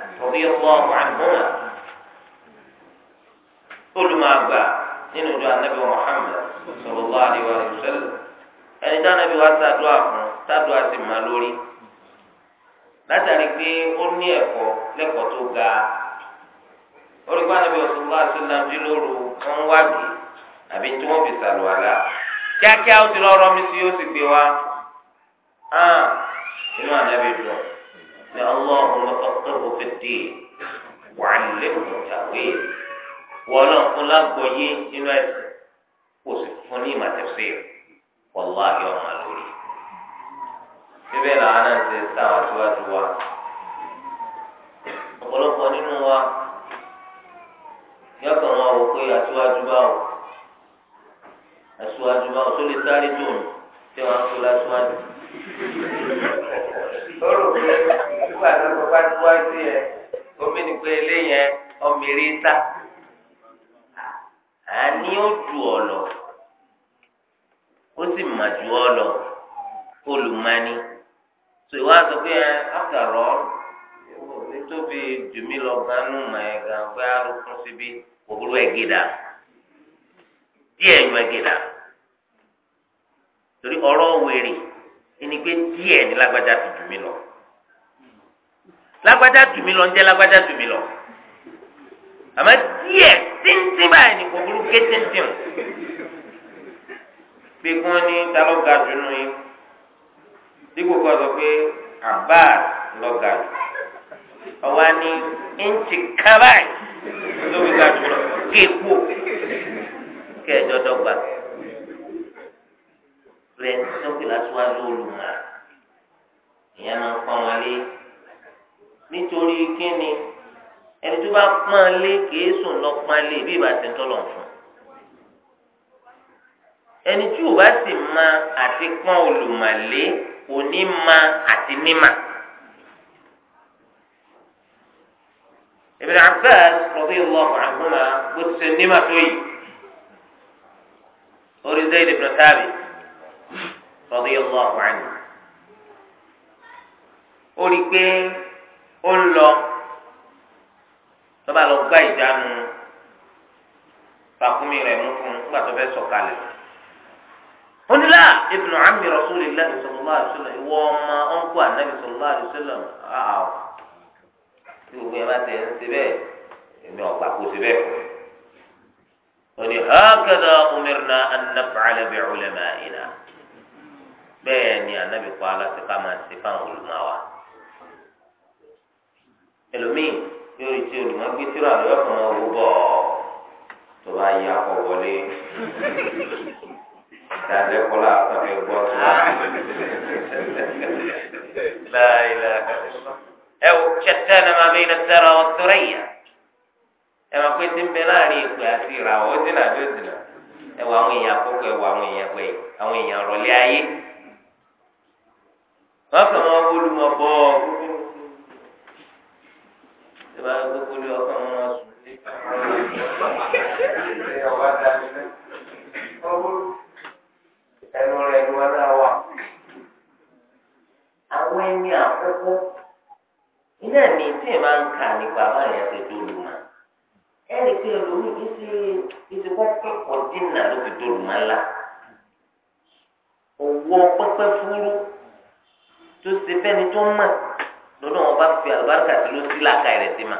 رضي الله عنهما كل ما أبا n'inu ìjọ anabi muhammed sallallahu alayhi wa sallam ẹni tí anabi wa sàdúrà fún sàdúrà sì má lórí látàrí pé ó ní tó ga orúkọ anabi sallallahu alayhi wa sallam lóru wọn wági àbí tí wọn fi sàlù àlá kíákíá ó ti lọ rọmi sí ó sì gbé wa hàn pé ọlọ́run lọ́kọ́kọ́rò fèdè wàlẹ́kùn tàwé wọ́lọ́n fún lágbóyé nínú ẹ̀sìn kò sì fún ní ìmọ̀tẹ́sẹ̀ wàláhì ọmọ lórí. síbẹ̀ làwọn náà ti sáwọn síwájú nínú wa yọkàn wọn wò pé aṣíwájú aṣíwájú tó lè sáré tí wọn nígbà tó kọ́ bá ti wá omi ni pé eléyẹn ọmọ eré àní ju ọ lọ ó sì mà ju ọ lọ tó ìwà sọ pé ẹ àkàrọ̀ nítorí jùmí lọ gánú mọ̀ ẹ̀ gan pé arúgbó síbi òwúrọ̀ ẹ̀gẹ̀dà díẹ̀ yọ torí ọrọ ẹni pé lágbájá jù mí lọ ń jẹ́ lágbájá jù mí lọ àmọ́ díẹ̀ tíntín báyìí ní kò ké tíntín o pé kí wọ́n ní ta ló ga jù nù yín dípò kọ́ sọ pé Abbas ló ga jù ọwọ́ á ní íǹtì kábàáyì ló fi ga jù lọ kéèkó kẹjọ dọ́gba rẹ̀ ń sọ́kè lásìwájú olùmọ̀ máa ń pọ́n wọlé nítorí kíni ẹni tó bá pọ́n lé kìí sùn lọ pọ́n lé bí ìbá ti ń tọ́lọ̀ fún ẹni tí ò bá sì ma àti pọ́n olùmọ̀lé kò ní ma àti nímà. Ibn Abbas radiyallahu anhuma bó ti ṣe nímà tó yìí orí Zayd ibn Thabit radiyallahu anhu ó ó ń lọ tọ́ba lọ gbá ìjánu fàkúmi rẹ̀ mú fún un nígbà tó fẹ́ sọ̀kalẹ̀. ó ní láà ibnu ammi rasulillahi sallallahu alaihi wasallam ìwọ ọmọ ọ̀nkú ànábì sallallahu alaihi wasallam àwọ̀ tí gbogbo yẹn bá tẹ̀ ń ṣe bẹ́ẹ̀ èmi ọ̀gbà kò ṣe bẹ́ẹ̀ fún un. ó ní hakadha umirna an naf'ala bi bẹ́ẹ̀ ni ànábì kọ́ aláṣẹ ká máa ṣe fáwọn olùmọ̀ wa. ẹlòmíì yóò rí tí olùmọ̀ gbé tíra rẹ̀ ọkàn máa tó bá yẹ akọ wọlé dàdé kọlá àtàfẹ gbọ́ tó ẹ wò kẹtẹ ẹ ọtọrẹ ẹ máa pé tí ń bẹ láàrin ìpè àti ó dínà dínà ẹ wọ àwọn èèyàn àkókò ẹ wọ àwọn èèyàn pẹ àwọn èèyàn ayé wọn wọlé bọ ọ. tí wàá gbogbo lé ọkọ mọ wọn sùn lé. ṣé ọba dàbí náà ẹnu rẹ ni wọn náà wà. àwọn ẹni àkọ́kọ́ iná mi tí ì máa ń kà nípa àwọn èèyàn ti dòlù mọ́ ẹnì pé olórí kì í ṣe ìṣèkọ́ kẹ́kọ̀ọ́ dínà ló fi dòlù mọ́ ńlá owó pẹ́pẹ́ fúrú tó ṣe fẹ́ni tó mọ̀ lónà wọn bá fi àlùbáríkà sí ló sí làákà rẹ̀ sí ma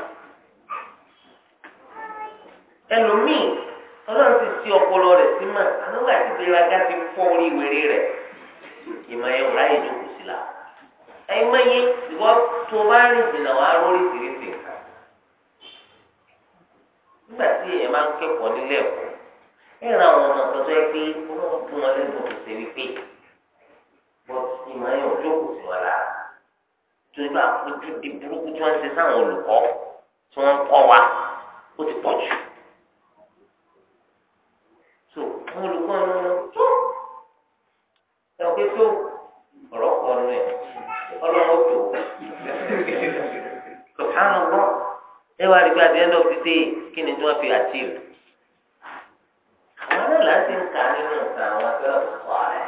ẹlòmíì ọlọ́run ti sí ọpọlọ rẹ̀ sí ma àlọ́gbà tí ìgbéraga ti fọ́ orí wèrè rẹ̀ ìmọ̀ ẹ̀ wọ́n ráyè jókòó sí la ẹ̀yin mẹ́yẹ ìwọ tó o bá rìn jìnnà wàá rórí tìrìtì nígbà tí ẹ̀ máa ń kẹ́kọ̀ọ́ nílé ẹ̀kọ́ ẹ̀ ra àwọn ọmọ tọ́jọ́ ẹ pé ọlọ́run fún wọn lẹ́gbọ̀n kò ṣe wípé bọ́t ìmọ̀ ẹ̀ wọ́n jókòó sí wọn torí pé àfojú di burúkú tí wọ́n ń ṣe sáwọn olùkọ́ tí wọ́n ń kọ́ wa ó ti pọ̀ jù. so àwọn olùkọ́ ni wọ́n tó ẹ ò pé tó ọ̀rọ̀ kọ́ ni ọlọ́run ó tó sọ̀tàn lọ ẹ wá rí pé at the end of the day kí ni tí wọ́n fi achieve. àwọn náà láti ń kà nínú ìtàn àwọn akẹ́rọ̀ tó kọ́ ààrẹ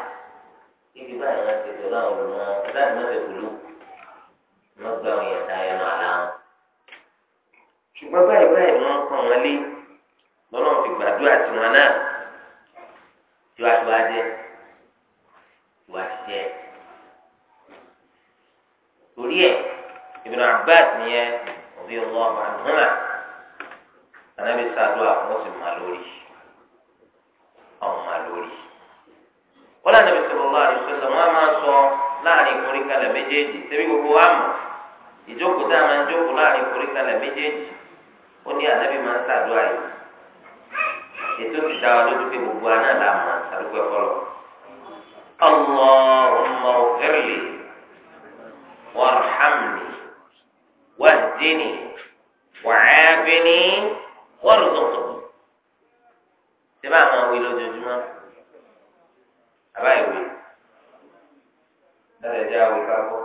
ibi báyìí wọ́n ti tẹ̀lé àwọn olùmọ̀ láti má ṣe kúlù wọ́n gbé àwọn èèyàn tayọ náà ara wọn. ṣùgbọ́n báyìí báyìí wọ́n kàn wọ́n lé lọ́nà fi gbàdúrà tiwọn náà tí wàá ti wá jẹ tí wàá ti jẹ. torí ẹ̀ Ibn Abbas nìyẹn òbí wọn máa ń hàn ànábi sàdúrà wọ́n sì máa lórí ọ̀hún máa lórí. wọ́n lànà bí sọ̀rọ̀ lọ́wọ́ àdìsọ́lọ́ wọ́n máa sọ láàrin ìforíkalẹ̀ méjèèjì ṣebí gbogbo wa mọ̀ ìjókòó tá a máa ń jókòó láàrin ìforíkalẹ̀ méjèèjì ó ní ànábì máa ń ṣàdúrà yìí ètò ti dá wa lójú pé gbogbo wa náà làá máa ṣàdúgbò ẹ̀fọ́lọ́ Allahumma ighfirli warhamni wahdini wa'afini warzuqni ṣé bá a máa wí lójoojúmọ́ àbáyé wí lẹ́yìn ẹ̀jẹ̀ àwọn ìkábọ̀.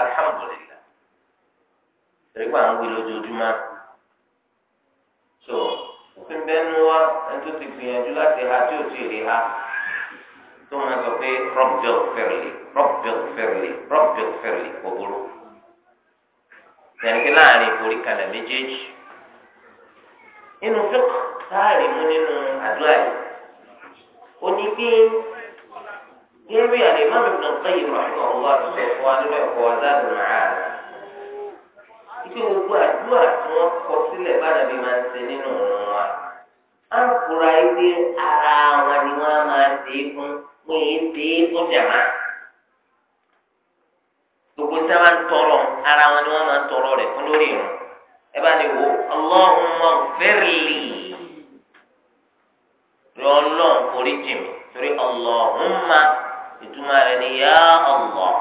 alhamdulilah ẹgbẹ́ àwọn wí so òfin bẹ́ẹ̀nu wa ẹni tó ti gbìyànjú ha tí ò tí ì rí ha tó máa sọ pé rọ́bìl fẹ́rẹ̀lì rọ́bìl fẹ́rẹ̀lì rọ́bìl fẹ́rẹ̀lì kò burú. yàrá láàrin ìforíkalẹ̀ méjèèjì. nínú fíkì táàrí mú nínú àdúrà yìí ó ní pé gẹ́gẹ́ àlèmọ́mì ibn Qayyim rahimahullah àti sọ̀fọ́ nínú ẹ̀kọ́ Zadul Ma'ad ipe gbogbo àdúrà tí wọ́n kọ sílẹ̀ bára bí máa ń ṣe nínú òun wa á ń fura pé ara wọn ni wọ́n máa ṣe é fún wọ́n ṣe é fún jàmá gbogbo sábà ń tọrọ ara wọn ni wọ́n máa ń tọrọ rẹ̀ fún lórí ìrùn. ẹ bá ní wo Allahumma ghfirli rẹ ọlọ́run forí jì mí torí Allahumma ìtumọ̀ rẹ ni yá Allah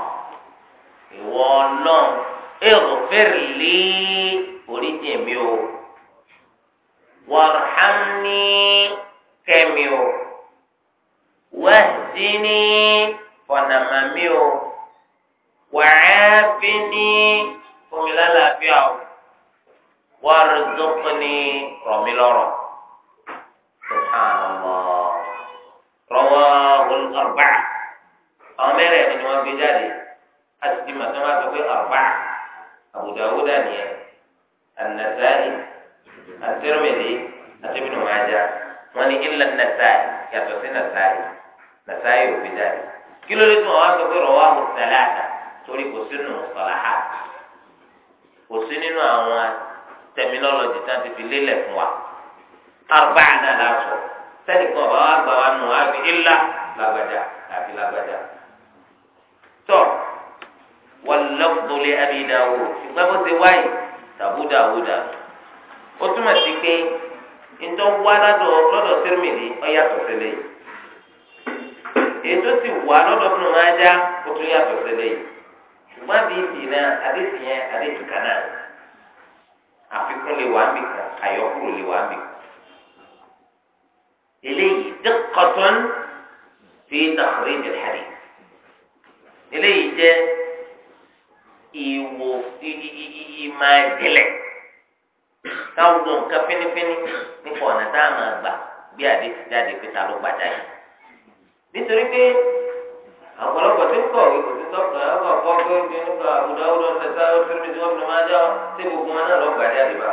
ìwọ ọlọ́run ighfirli forí jì mí o warhamni kẹ́mi o wahdini fọ̀nàmàmí o wa'afini fúnmi lálàáfíà o warzuqni rọ̀ mí lọ́rọ̀ subhanallah rawahul arba'a àwọn mẹ́rẹ̀ẹ̀rin ni wọ́n gbé jáde àti ti màtí wọ́n sọ pé arba'a Abu Dawud nìyẹn an-Nasa'i at-Tirmidhi àti Ibn Majah wọ́n ní illa an-Nasa'i yàtọ̀ sí Nasa'i Nasa'i ò gbé jáde kí ló dé tí wọ́n sọ pé rawahu thalatha torí kò sínú sọ̀làhà kò tẹminọlọjì tí wọn ti fi lélẹ̀ fún wa arba'a náà la sọ sẹni kan bá wà gbà wà nù wá fi ilà lágbàdà àfi lágbàdà tọ wàlọ́gbọ̀lẹ̀ abidawo ṣùgbọ́n bó ti wáyé tàbúdàwúdà ó túmọ̀ sí pé ntọ́ wá lọ́dọ̀ lọ́dọ̀ sẹ́rìmìlì ọ̀yàtọ̀ sẹ́lẹ̀ yìí ètò ti wà lọ́dọ̀ fún máa já ó tún yàtọ̀ sẹ́lẹ̀ ṣùgbọ́n àdéhìí náà àdéhìí yẹn àdéhìí kan àfikún lè wà ń bì kan àyọkúrò lè wà ń bì kan. eléyìí diqqatun fi takhrij al-hadith eléyìí jẹ́ ìwò ìmọ̀ ìdílẹ̀ táwọn nǹkan fínífíní nípa ọ̀nà tá a máa gbà gbé àdéhùn jáde pé ta ló gbàdá yìí. nítorí pé ọ̀pọ̀lọpọ̀ tó ń kọ̀wé kò tọ́ka ẹ̀ wọ́n kọ́ pé kí nípa àbùdá ọ̀dọ́ ṣẹ̀ṣẹ̀ àwọn fẹ́rẹ́ tí wọ́n fi máa jọ sí gbogbo wọn náà lọ́ọ́ gbàdé àdìbà.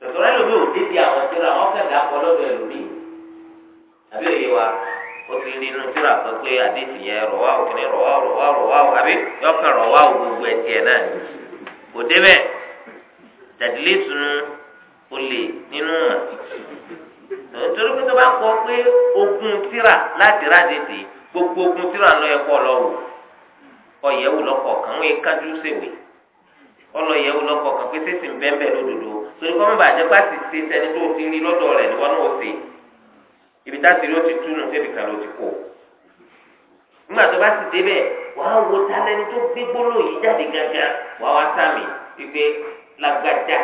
tòtòrọ́ ẹlòmíì ò dédé àwọn tíra wọn kẹ̀dá kọ lọ́dọ̀ ẹlòmíì. àbí òye wa ó ti rí inú tíra sọ pé àdéhùn yẹn rọ̀wá òkìní rọ̀wá rọ̀wá rọ̀wá àbí yọkàn rọ̀wá gbogbo ẹtì ẹ̀ náà kò débẹ̀ tẹ̀dílé sunu olè nínú mọ̀ nítorí pé tó bá kọ pé ogún tíra láti rádìí gbogbo ogun tí wàá lọ yẹ kọ lọ wò ọyẹwò lọ́kọ̀ọ̀kan wọn yẹ kájú sèwé ọlọyẹwò lọ́kọ̀ọ̀kan pé sẹsìn bẹnbẹ lódodo torí kọ́ mọ́ bàjẹ́ ti ṣe sẹni tó ti rí lọ́dọ̀ rẹ̀ ni náà ṣe ibi rí ó ti kan ló ti kó nígbà tó bá ti débẹ̀ wo tó gbé gbóló yìí jáde wá sàmì lágbájá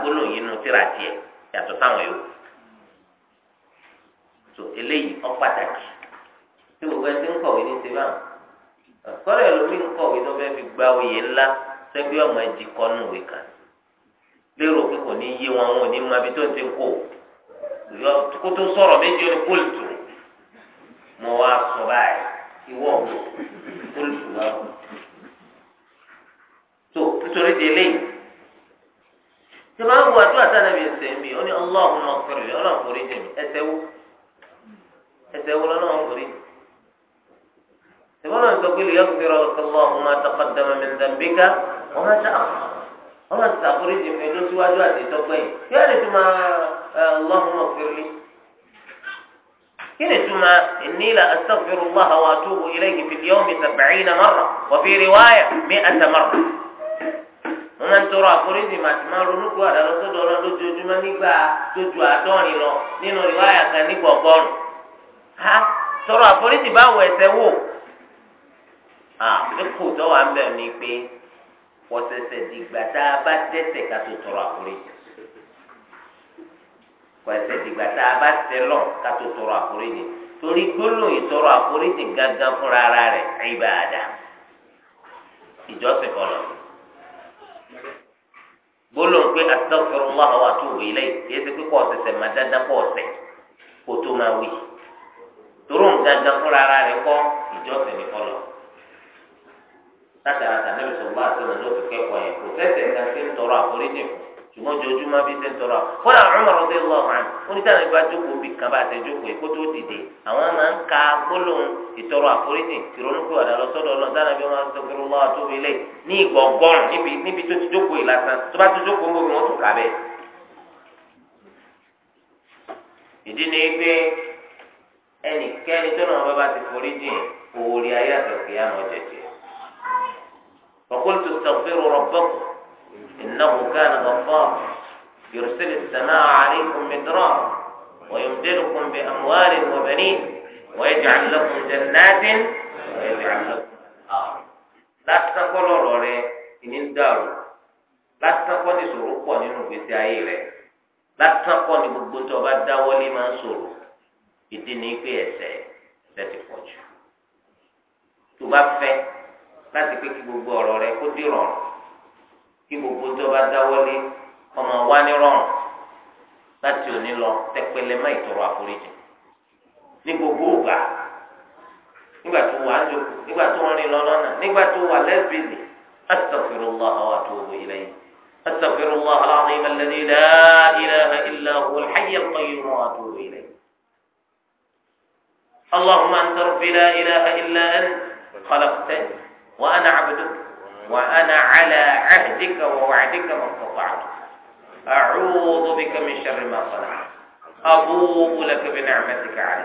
gbóló yìí tíra tiẹ̀ yàtọ̀ sáwọn yòó so eléyìí tí gbogbo ẹni tí ń kọ̀wé ní ti báwọn kọ́lẹ̀ ẹlòmíì kọ̀wé tó fẹ́ẹ́ fi gba oyè ńlá sẹ́gbẹ́ ọmọ ẹ̀jì kọ́nù kan lérò pé kò ní yé wọn wọn ò ní tó ń ti kó kó tó sọ̀rọ̀ méjì ó ní mo wá sọ báyìí ìwọ òun kóòtù wá so tó nítorí di eléyìí tí wọ́n á wù àdúrà sànàbí ẹsẹ̀ mi ó ní ìbọ̀lọ̀ sọ pé lèyàn fi rọ̀ lọ́wọ́ ọmọ àtàkọ́dàmọ́ mi dàbíkà ọmọ àtàkọ́ ọmọ àtàkùrẹ́ ti fi ló síwájú àti ìtọ́gbẹ́ yìí kí wọ́n lè tún máa lọ́hùn ọ̀fẹ́rẹ́ kí ni tuma ìnílà astaghfiru allah wa atubu ilayhi fi yawmi sab'ina marra wa fi riwaya mi'ata marra mo máa ń tọrọ àforíjì màtí máa ronú kúrò àdàlọ sọ́dọ̀ Ọlọ́run lójoojúmọ́ tọrọ àforíjì báwo ẹsẹ wò àfikù ah, tó wà ń bẹ̀ ni pé pọ̀sẹ̀sẹ̀ dìgbà tá a bá dẹ́sẹ̀ ká tó tọrọ àforíjì pọ̀sẹ̀ dìgbà tá a bá sẹ́lọ̀ ká tó tọrọ àforíjì torí gbólóhùn ìtọrọ àforíjì gángan fúnra ara rẹ̀ ìbádà ìjọsìn kọlọ̀ gbólóhùn pé astaghfirullah wa atubu ilayh yéé ti pípọ̀ ọ̀sẹ̀sẹ̀ máa dáadáa pọ̀ ọ̀sẹ̀ kó tó máa wí toró ń gángan fúnra ara rẹ̀ kọ́ ìjọsìn látara tàbí sọ̀rọ̀ àti ọ̀nà ló fi kẹ́kọ̀ọ́ yẹn kò sẹ́sẹ̀ ń kàṣí ń tọrọ àforíjì ṣùgbọ́n ojoojúmọ́ bí ṣe ń tọrọ fúnra Umar radiyallahu anhu oníṣàlẹ̀ ìgbà jókòó bì kan bá ṣe jókòó èkó tó dìde àwọn máa ń ka gbólóhùn ìtọrọ àforíjì ìrònúkú ọ̀dà lọ́sọ́dọ̀ ọlọ́run dáná bí wọ́n tó fẹ́rù lọ́wọ́ tó wílé ní ìgbọ̀ngàn níbi níbi tó ti jókòó ìlàsàn tó فقلت استغفروا ربكم إنه كان غفارا يرسل السماء عليكم مدرارا ويمددكم بأموال وبنين ويجعل لكم جنات ويجعل لكم لا تقولوا روري إن داروا لا تقولوا سرقوا ننو بسيائي لا kọ́ ni gbogbo tó o bá dáwọ́lé máa ń sọ̀rọ̀ ìdí láti pé kí gbogbo ọ̀rọ̀ rẹ kó dé rọrùn kí gbogbo tó bá dáwọ́lé ọmọ wa ní rọrùn láti òní lọ tẹpẹlẹ má ìtọrọ àforíjì ní gbogbo ògbà nígbà tó wà ńjọ nígbà tó ń rìn lọ lọ́nà nígbà tó wà lẹ́bìlì astaghfirullah wa tó wọ ilẹ̀ atubu ilayhi astaghfirullah al-azim alladhi ilẹ̀ ilẹ̀ illa huwa al-hayy yìí wọ́n wa tó wọ atubu ilayhi allahumma anta rabbi la ilaha illa anta khalaqtani وأنا عبدك وأنا على عهدك ووعدك ما استطعت أعوذ بك من شر ما صنعت أبوء لك بنعمتك علي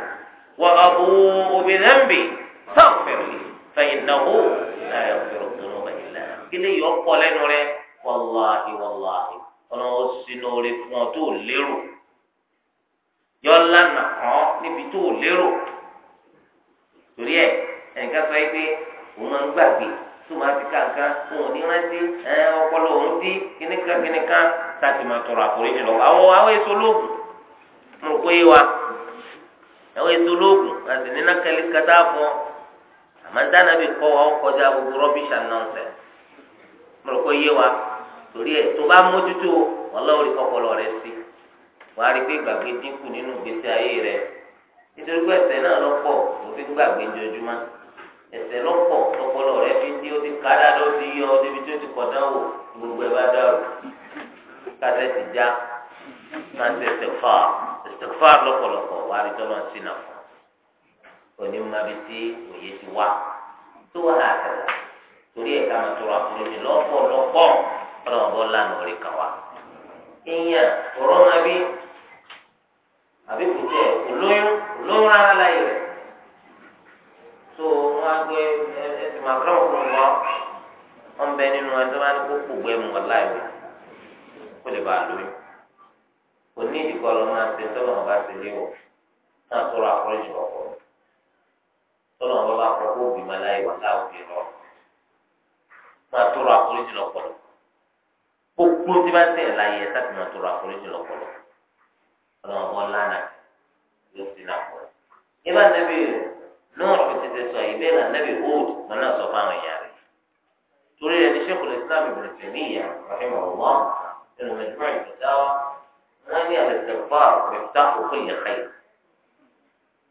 وأبوء بذنبي فاغفر لي فإنه لا يغفر الذنوب إلا أنت يقول لنوري والله والله انا sínú orí fún ọ tó lérò yọ lánàá hàn níbi tó lérò torí ẹ ẹnìkan sọ yìí pé òun máa ń gbàgbé tó máa ti kàǹkà òun ní rántí ẹ ọpọlọ òun máa tọrọ àforíjì lọ àwọn àwọn èso lóògùn mo rò pé yé wa àwọn èso lóògùn àti nínà kẹlẹ kẹta fún àmọ́ dáná bí kọ́ kọjá gbogbo mo rò pé yé wa torí ẹ tó bá mójútó rẹ sí wàá ẹsẹ̀ lọ́pọ̀ lọ́pọlọ rẹ fi dí o ti kádà lọ sí yọ ọ débi tí o ti kọjá wò gbogbo ẹ bá dàrú kásẹ̀ ti já máa ń ṣe ẹsẹ̀fà ẹsẹ̀fà lọ́pọ̀lọpọ̀ wà á rí tọ́lọ́ sí náà fún òní máa bi tí òye ti wá tó wà á tẹ̀lé torí ẹ̀ ká máa tọrọ àforíjì lọ́pọ̀lọpọ̀ ọlọ́run bọ́ lánàá orí kan wá. ìyẹn ọ̀rọ̀ máa bí àbí kùtẹ́ olóyún olóyún rárá láyé rẹ̀ gbé ẹsẹ̀ màkàrà òkun lọ wọn bẹ nínú ẹni tó bá ní kó kó gbé mu ọ̀la ìwé kó lè bàa lóyún kò ní ìdíkọ̀ lọ máa ṣe tọ́lọ̀ wọn bá ṣe léwọ̀ náà tọrọ àforíjì ọ̀pọ̀ tọ́lọ̀ wọn bá kọ́ kó bìí mọ́lá ìwà láwùjọ lọ máa tọrọ àforíjì lọ́pọ̀lọ́ gbogbo tí bá ń tẹ̀yẹ̀ láyé ẹ̀ sáà máa tọrọ àforíjì lọ́pọ̀lọ́ ọlọ́wọ́n bọ́ lóòrò fi tètè sọ yìí bẹ́ẹ̀ lànàbì hood wọn náà sọ fáwọn èèyàn rẹ̀ torí ẹni sẹ́kù lẹ́sìlámù ìbẹ̀rẹ̀ tẹ̀lé ìyá rahimu allah nínú mẹjọba ìfẹ̀dáwà wọn ní àlẹsẹ̀fà mẹfìtà òkú ìyàkẹ́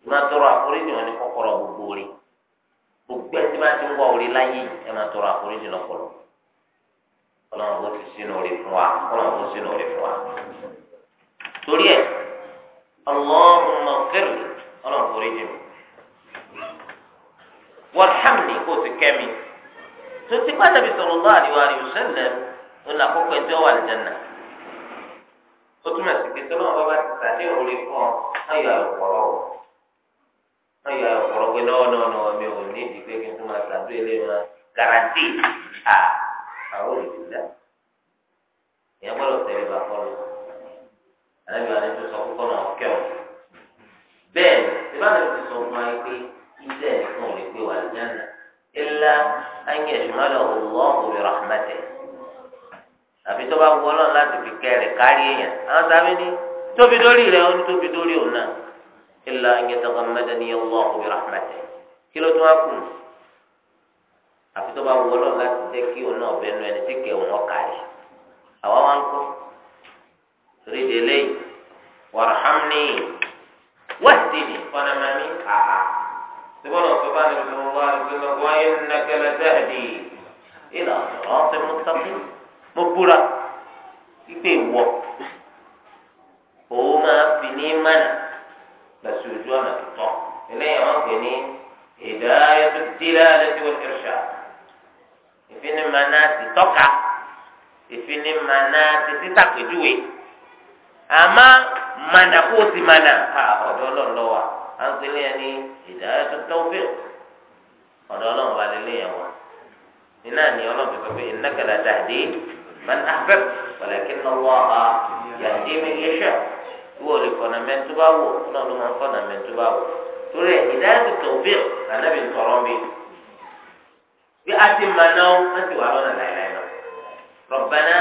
ìmọ̀ tọrọ àforíjì wọn ní kọ́kọ́rọ́ gbogbo rí gbogbo ẹtí bá ti ń wá orí láyé ẹ máa tọrọ àforíjì lọ́pọ̀lọ́ ọlọ́run kò ti sínú orí fún wa ọlọ́run kò sínú orí fún wa torí ẹ ọlọ́run mọ̀ fẹ́rẹ̀ ọlọ́run foríjì warhamni kó o ti kẹ́ mi tó ti gbá nàbí sallallahu alaihi wa sallam ó là kókó ẹjọ́ wà lẹ́nà ó túmọ̀ sí pé sọlọ́wọ́n bá bá ti sàdé òrè fún ọ ayọ̀ àyọ̀kọ̀rọ̀ ayọ̀ àyọ̀kọ̀rọ̀ pé lọ́wọ́lọ́wọ́ mi ò ní ìdí pé kí n tún máa sàdé ilé wọn garanti à àwọn olùdílé ìyẹn gbọ́dọ̀ tẹ̀lé bá àlẹ́ mi wà ní iṣẹ́ ẹ̀sùn lè gbé wà lẹ́nà ilá ayé ìṣúná ọlọ́hùn rẹ̀ rahmatẹ̀ àfi tó bá wọ ọlọ́run láti fi kẹrin kárí èèyàn àwọn sábẹ́ ní tóbi dórí rẹ̀ ó ní tóbi dórí òun náà ilá ayé tọ́kàn mẹ́ta ní ọlọ́hùn rẹ̀ rahmatẹ̀ kí ló tún wá kù àfi tó bá wọ ọlọ́run láti jẹ́ kí òun náà bẹ́ẹ̀ ẹni tí kẹ̀ òun ọ̀kà rẹ̀ àwa wá ń kọ́ rídìí eléyìí wàrhamni wàhdìní fọnàmàmí àhà. سيقول سبحان رسول الله وسلم وإنك لتهدي إلى صراط مستقيم مقبولة ìpè wọ òun máa fi ní mánà lọsí ojú ọ̀nà tó tọ́ eléyìí wọn pè ní ìdáyàtò tílà lẹsí wọn kẹrìṣà ìfini mánà ti tọ́ka ìfini mánà ti títàpéjúwe àmọ́ mánà kó o ti mánà ká ọ̀dọ́ lọ́lọ́wà à ń pèlè yẹn ní ìdáyà tó tọ́ fẹ́ ọ̀dọ̀ ọlọ́run bá lélẹ̀ yẹn wá nínà ni ọlọ́run fi sọ pé innaka la tahdi man ahbab walakinna Allaha yahdi man yasha wọ́n lè kọ́nà mẹ́tò bá wò fún ọdún máa ń kọ́nà mẹ́tò bá wò torí ẹ̀ ìdáyà tó tọ́ fẹ́ lànàbì ń tọrọ mi bí a ti mà náà wọ́n ti wà lọ́nà láìláì náà Rabbana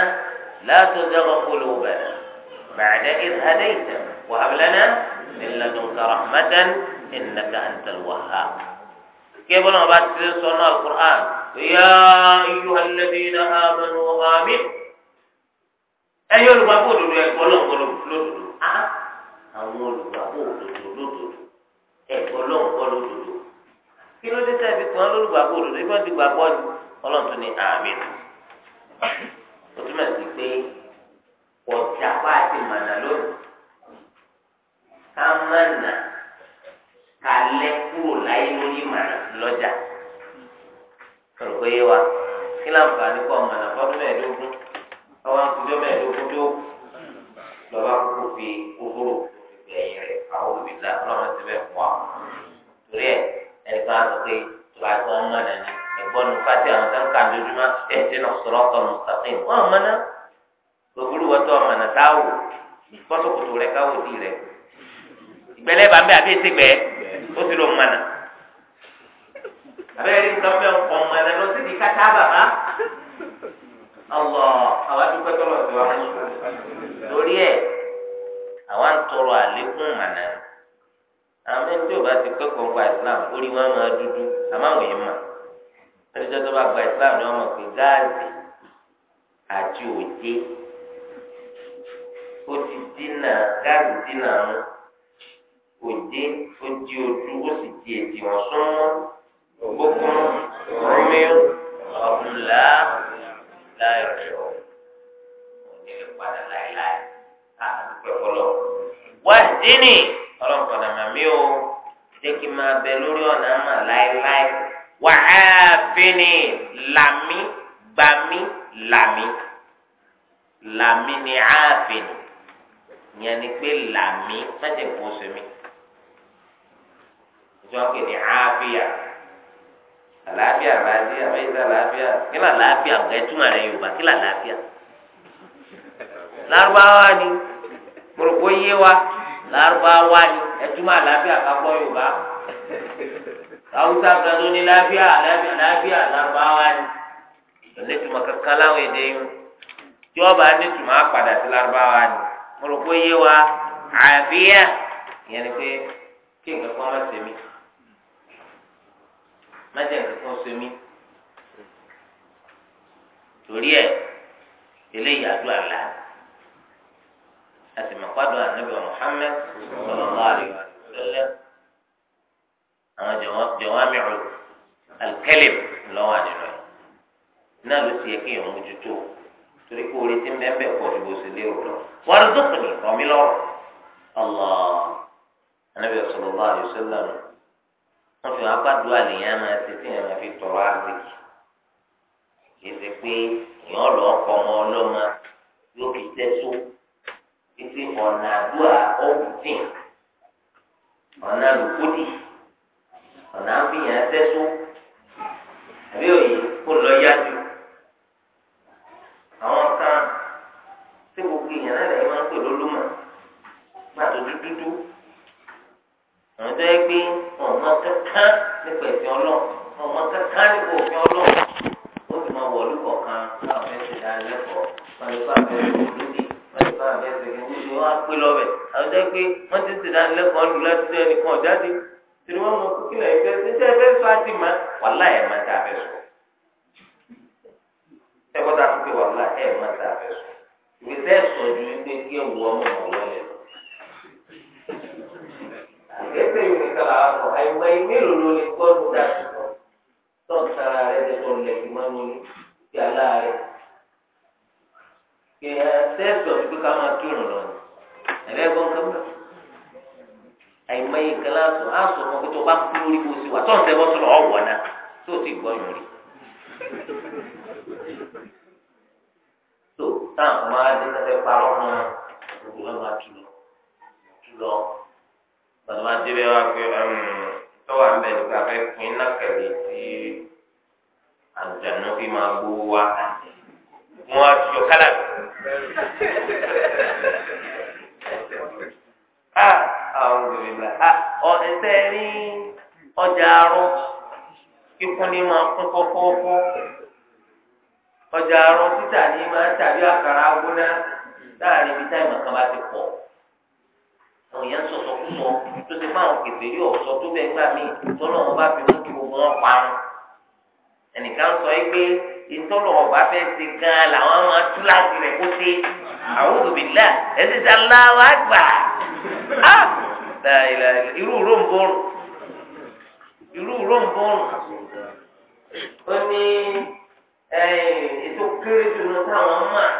la tuzigh qulubana ba'da idh hadaytana min ladunka rahmatan innaka antal wahhab kébù náà bá ti sọ náà alukur'an ya ayyuhal ladina amanu amin ẹ yóò lùgbà kó dodo ẹ gbọ́ lọ́wọ́ lọ́dodo á àwọn olùgbà kó dodo lọ́dodo ẹ gbọ́ lọ́wọ́ lọ́dodo kí ló dé tẹ́lifí kan lólùgbà kó dodo ibi wọn ti gbà bọ́ ọlọ́run ní amin o túmọ̀ sí pé ọ̀jà bá ti mànà lónìí. kámánà kalẹ̀ kúrò láyé lórí màrà lọ́jà ọ̀rọ̀ pé wa kí kọ́ fọ́dún mẹ́ẹ̀ẹ́dógún ọwọ́ mẹ́ẹ̀ẹ́dógún tó lọ́ba fi rẹ̀ àwọn ọlọ́run ti bẹ̀ fún wa torí ẹ̀ sọ pé ni ẹ̀gbọ́n ní fati àwọn tó ń ka lójúmọ́ ẹ̀jẹ̀ náà sọ̀rọ̀ wọ́n gbẹlẹ bá ń bẹ àbí ètè gbẹ ó ti lọ mọ àná abẹ́rẹ́ ní nǹkan bẹ́ẹ̀ ọmọ ẹ̀ lọ sí ní kátà bàbá ọlọ àwọn adúgbò tó lọ sí wa mú lórí ẹ àwọn ń tọrọ àlékún mànà àwọn ẹni tí ò bá ti kẹ́kọ̀ọ́ gba Islam orí wọn máa dúdú àmọ́ àwọn èèyàn mà ẹnìjọ́ tó bá gba Islam ni wọ́n mọ̀ pé gáàsì àti òjé ó ti dínà gáàsì dínà mú òdi òdi ojú ó sì di èdè wọn súnmọ́ gbógun rúmíù ọ̀húnlá láyọ̀ṣọ́ òní lè padà láéláé àdúgbò ọlọ́. wá dínì ọlọ́kọ̀ọ́dà màmí o jẹ́ kí n máa bẹ lórí ọ̀nà àmà láéláé wà á bínì làmí gbàmí làmí làmí ni á bínì ìyẹn ni pé làmí má jẹ́ kó o sèmi tí wọ́n pè ní àáfíà àlàáfíà àlàáfíà àbẹ́yẹsẹ àlàáfíà kí ni àlàáfíà ọ̀gá ẹ̀túmọ̀ rẹ̀ Yorùbá kí ni àlàáfíà lárúbáwá ni kòròkó yé wa lárúbáwá ni ẹ̀túmọ̀ àlàáfíà kakọ́ Yorùbá awusa gbado ni láfíà láfíà láfíà lárúbáwá ni onítùmọ̀ kankan láwọn èdè yìí tí wọ́n bá nítùmọ̀ apàdà sí lárúbáwá ni kòròkó yé wa àfíà ìyẹn ni pé kí nǹkan kan má ṣe mí má jẹ́ nǹkan kan ṣe mí torí ẹ̀ eléyìí àdúrà la àti mọ̀kádọ́ ànábì Muhammad sallallahu alaihi wasallam àwọn jawami'u al-kalim lọ́wọ́ àdìrọ̀ yìí náà ló ti yẹ kí èèyàn mójútó torí kó orí ti ń bẹ́ẹ̀ pọ̀ ju bó ṣe lérò lọ warzuqni rọ̀ mí lọ́rọ̀ Allah ànábì sallallahu alaihi wasallam. wọ́n fi wọn gbàdúrà lèyàn máa ma fi tọrọ àzìkì eze pe pé lọ ọkọ ọmọ ọlọmọ yóò fi tẹsó títí ọ̀nà àdúrà ọ̀gùdìn ọ̀nà lùkúdì ọ̀nà àfihàn tẹsó àbí òye kó lọ yájú àwọn kan tí gbogbo èèyàn máa ń pè àwọn tó yẹ pé ọmọ kankan nípa ẹ̀sìn ọlọ́ ọmọ kankan nípa òfin ọlọ́ ó sì máa wọ̀lú kọ̀ọ̀kan láwọn ẹ̀sìn ìdánilẹ́kọ̀ọ́ pàlùpà bẹ́ẹ̀ lódì pàlùpà bẹ́ẹ̀ sẹ̀kẹ́ níbi wọn á pé lọ́bẹ̀ àwọn tó yẹ pé wọ́n ti ti ìdánilẹ́kọ̀ọ́ lù láti tó ẹnìkan jáde tí wọ́n mọ kókìlà ẹ̀fẹ́ ṣíṣẹ́ ẹ̀fẹ́ sọ fẹ́ sọ ẹ̀kọ́ ta wàhálà ẹ̀ má ta fẹ́ sọ ìgbésẹ̀ kéésì yìí nìkan là wà fún àyùmọ̀ yìí mélòó ló lè gbọ́ ló dà sí sọ tọ́ọ̀tù sára rẹ̀ lè tó lẹ̀ ìmọ̀ ní ti aláàrẹ̀ èèyàn sẹ́ẹ̀sọ̀ pé ká máa kírun lọ ẹ̀rẹ́ gbọ́n kan bá àyùmọ̀ yìí kan láàtọ̀ àṣọ fún pé tó bá kú lórí bó ṣe wà tọ́ọ̀ sẹ́bọ́ sọ̀rọ̀ ọ̀wọ́ náà tó ti gbọ́ yùn rí tó táwọn máa dé sẹ́sẹ́ parọ́ fún wọn òkú tọ́tọ́ bá débẹ̀ wá pé tọ́wà ń bẹ̀ nípa fẹ́ pín nákàlẹ̀ tí àjànú fi máa gbowó wá wọn á tuyọ kálá a àwọn obìnrin bá a ọ ẹsẹ ní ọjà arọ kíkún ní máa kún kọkọọkọ ọjà arọ títà ní máa tàbí àkàrà agbóná láàrin ibi táìmù kan bá ti pọ̀ àwọn èèyàn sọ̀tọ̀ kúsọ tó ti fáwọn kètè yóò sọ tó bẹ́ẹ̀ gbà mí tọ́lọ̀ wọn bá fi mú kí gbogbo wọn parun ẹnìkan sọ yìí pé ìtọ́lọ̀ ọba fẹ́ ṣe gan-an làwọn máa tú láti rẹ̀ kó ṣe àwọn òbílà ẹ̀sìn sàlá wa gbà á irú róńbòrò irú róńbòrò ó ní ètò kéré jùlọ táwọn máa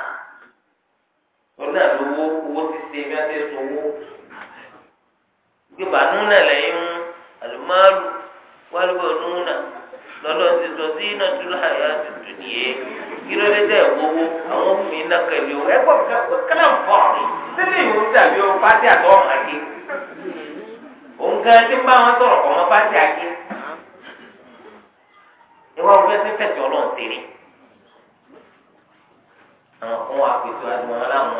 tó lówó owó ti ṣe bí wọ́n ti sọ owó kí bànúnà lẹ́yìn mú àlùmọ́ọ́lù wálúbọ̀núnà lọ́dọ̀ ti sọ sí iná túlọ̀ àyà tuntun nìyẹn kí ló dé dẹ́ wọ́wọ́ àwọn òfin iná kẹlẹ́ o ẹ̀kọ́ kẹlẹ́ ń fọ́ sílẹ̀ ìwé dàbí o pátí àtọ́ ọ̀hún àgé òǹkà tí ń bá wọn sọ̀rọ̀ kọ́ mọ́ pátí àgé ìwà òfin ti fẹ̀tọ̀ ọlọ́run tèrè àwọn kan wà pèsè àdúgbò wọn láwọn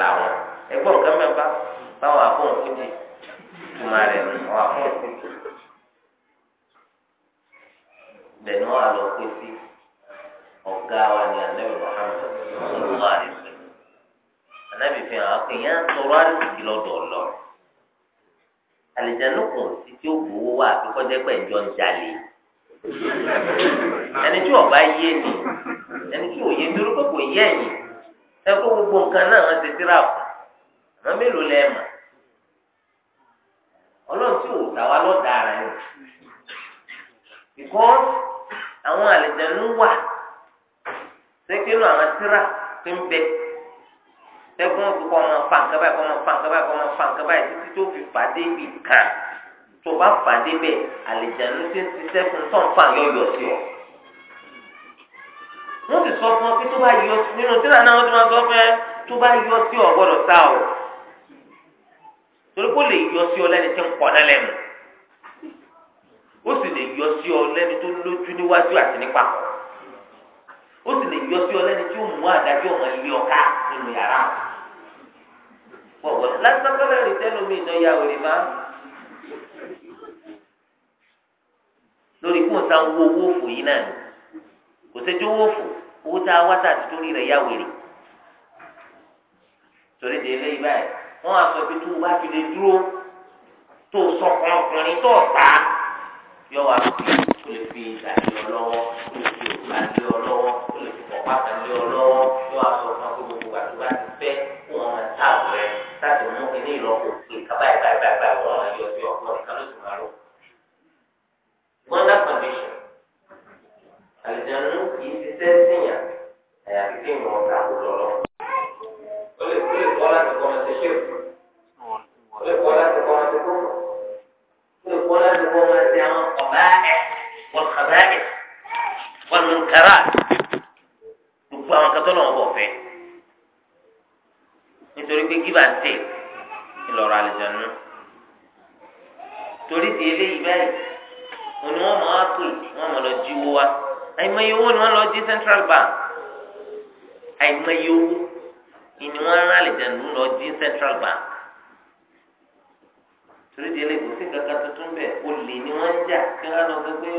làwọn ẹ̀gbọ́n nǹkan mẹ́fà báwọn àfọ̀n fújì túmọ̀ rẹ̀ wọn àfọ̀n fújì bẹ̀ni wọn àlọ́ pé sí ọ̀gá wa ni anabi muhammed sallallahu alayhi wa sallam anabi fi hàn pé yẹn ń tọrọ àrísìkì lọ́dọ̀ lọ àlìjánu kùn sí tí ó gbowó wà àbíkọ́jẹ́ pẹ̀jọ́ ń jalè ẹni tí ọba yé ni ẹni tí òye dúró pé kò yé ẹ kó gbogbo nǹkan náà wọn ti síra fún náà mélòó lẹ mà Ọlọ́run tí ò tàwa lọdà ara yẹn because àwọn àlejànú wà sẹkẹnu àwọn tíra ti ń bẹ sẹgbọn tó kọ ọmọ fa nǹkan báyìí kọ ọmọ fa nǹkan báyìí kọ ọmọ fa nǹkan báyìí títí tó fi fàdé ibì kan tó bá fàdé bẹ àlejànú ti ń ṣiṣẹ́ fún tó ń fa yọyọ sí ọ wọ́n ti sọ fún ọ pé tó bá yọ nínú tíra náà wọ́n ti máa sọ fún ẹ tó bá yọ sí ọ gbọ́dọ̀ sá ọ torí kó lè yọ sí ọ lẹ́ni tí ń kọ́ náà lẹ́nu ó sì lè yọ sí ọ lẹ́ni tó lójú níwájú àti nípa ó sì lè yọ sí ọ lẹ́ni tí ó mú àdájọ́ ọmọ ilé ọ̀ká nínú yàrá bọ̀wọ̀ lásánpẹ́lẹ́ rí tẹ́lu mi iná ya òrì má lórí kó n san owó owó òfò yìí náà kò sẹ́jọ́ owó òfò owó tá a wá tà àti torí rẹ̀ yá wèrè torí de eléyìí báyìí wọn á sọ pé tó o bá fi lè dúró tó o sọ ọkùnrin tó o ta yọ wá fi o lè fi ìdàlẹ́ ọ lọ́wọ́ o lè fi òkúta lé ọ lọ́wọ́ o lè fi pọ̀pátà lé ọ lọ́wọ́ yọ wá sọ fún akó gbogbo àti bá ti fẹ́ kó wọn máa ta àwọn ẹ láti mú kí ní ìlọ́kọ̀ pé kaba ẹ̀ báyìí báyìí báyìí wọn yọ sí ọkùnrin kan ló sì máa lọ. wonder condition àlejò àná kì í ṣiṣẹ́ síyàn àyàfi kí ìwọ̀n ta kó lọ lọ lè kó lè kọ́ láti kọ́ máa ṣe ṣe kó lè kọ́ láti kọ́ máa ṣe kó kó lè kọ́ láti kọ́ máa ṣe àwọn ọ̀bá ẹ̀ wọ́n kàbá ẹ̀ wọ́n mú kárà gbogbo àwọn kátó náà bọ̀ fẹ́ nítorí pé gíba ń tè ńlọrọ àlùjànnú torí ti central bank àìmọye owó ìní wọn rán lọ jí central bank torí di eléyìí sí kankan tuntun bẹ́ẹ̀ olè ni wọn ń jà kí wọn lọ sọ pé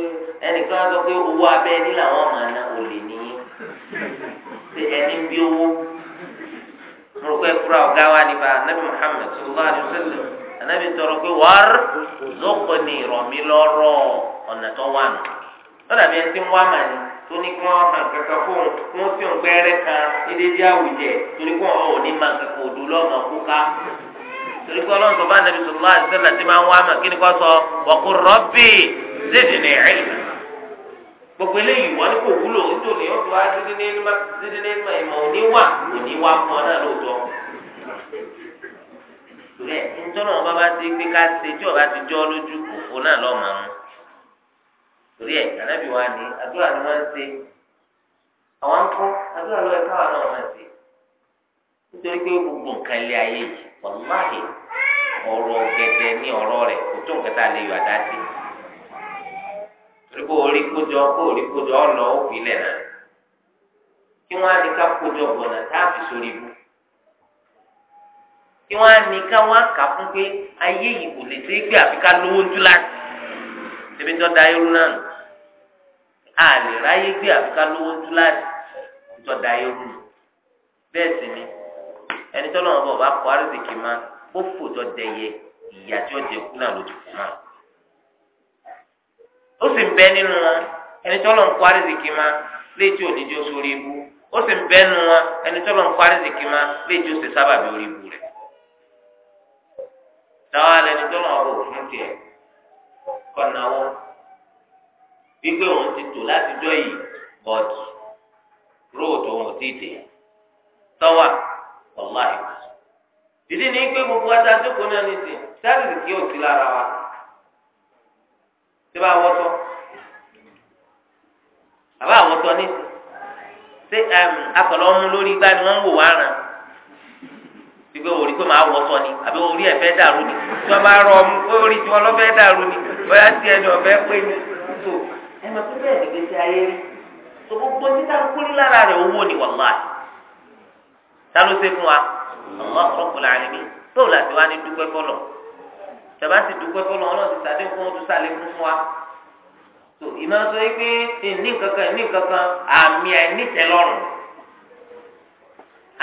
ẹnìkan wọn sọ pé owó abẹ ní làwọn máa ná olè nìyí ṣe ẹni bí owó mo rò pé kúrò ọgá wa nípa anabi muhammed sallallahu alayhi wa sallam anabi tọrọ pé wàr zọkọ ni ìrọ̀mí lọ́rọ̀ ọ̀nà tó wà nù lọ́dà bí ẹni tí ń wá màá ní. tó ní kí wọ́n hàn kankan fún un fi hàn pẹ́ẹ́rẹ́ kan ẹdẹ́dẹ́ àwùjẹ kí ò ní ma kankan òdu lọ́mọ kúká torí kí ọlọ́run bá sẹ́lẹ̀ tí máa ń wá mà kí ni kò sọ gbogbo eléyìí ní kò wúlò nítorí ìmọ̀ òní wà òní ọ náà lóòótọ́ bá na ti gbé ká ṣe tí ọba ti jọ́ lójú òfò náà lọ́ọ̀ torí ẹ ànábì wa ni àdúrà ni wọn ń ṣe àwọn ń kọ àdúrà lọ ẹka wà náà gbogbo nǹkan ilé ayé yìí wàláhì ọrọ gẹdẹ ní ọrọ rẹ̀ kò tó nǹkan tá a lè yọ àdá sí torí orí kójọ kó orí kójọ ọlọ òfin náà kí wọn á ní ká kójọ gbọnà tá a fi sórí ibú kí wọn á ní ká wọn kà fún pé ayé yìí kò lè ṣe é gbé àfi ká àlè ráyé gbé àfikà lówó túláàsì ìtọ́da bẹ́ẹ̀ sì ni ẹni tọ́lọ́ wọn bọ̀ bá kọ́ àrísìkì máa dẹyẹ ìyá tí ó jẹ kú náà lójú ó sì ń nínú wọn ẹni tọ́lọ́ ń kọ́ àrísìkì máa léjì oníjó sórí ibú ó sì ń nínú wọn ẹni tọ́lọ́ ń kọ́ máa wípé òun ti tò látijọ́ yìí but road òun ò tí ì tọ́wà ìdí ni pé gbogbo wa ta jókòó náà sìn sáàlì kí o lára wa ṣé bá wọ́tọ́ àbá àwọ̀tọ́ ní ṣé akọ̀lọ́ mú lórí igbá ni wọ́n ń wò wá ràn gbígbé orí pé màá wọ̀tọ̀ ni àbí dàrú ẹ máa pín bẹ́ẹ̀ nígbèsè ayé rí so gbogbo títà ń kúrú lára rẹ̀ owó ni wàláì ta ló ṣe fún wa Allah Rabbul Alamin bóò láti wá ní dúpẹ́ fọlọ̀ tẹ̀bá sì dúpẹ́ fọlọ̀ ọlọ́run ti sàdé fún ọdún sàlẹ̀ fún wa so ìmọ̀ sọ yìí pé ìní kankan ìní kankan àmì àìnítẹ̀lọ́rùn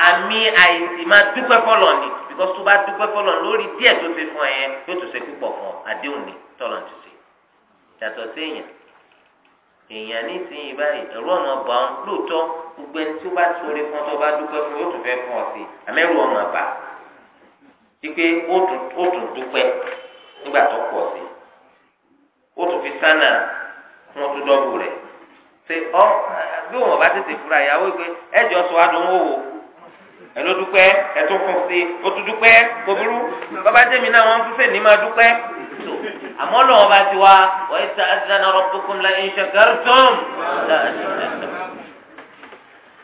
àmì àìsí máa dúpẹ́ fọlọ̀ ni because tó bá dúpẹ́ fọlọ̀ lórí díẹ̀ tó ṣe fún ẹ yẹn yóò tún ṣe púpọ̀ fún ọ ni tọ́lọ̀ ti ṣe yàtọ̀ sí èèyàn èèyàn nísìnyí báyìí ẹ̀rú ọmọ bá ń lóòótọ́ gbogbo ẹni tí ó bá sórí fún tó bá dúpẹ́ fún yóò tún fẹ́ fún ọ sí àmẹ́rù ọmọ bá wípé ó tún dúpẹ́ nígbà tó pọ̀ sí ó tún fi sánà fún ọtún dọ́bù rẹ̀ ṣe ọ bí wọn bá tètè fura ìyàwó pé ẹjọ́ sọ adùn owó ẹnu dúpẹ́ ẹtú fún sí ó tún dúpẹ́ kò burú bàbá jẹ́mi náà wọ́n fúnfẹ́ ní máa dúpẹ́ tó àmọ́ lọ́wọ́ bá ti wá wọ́n ṣe àdánà rabbukum la in shakartum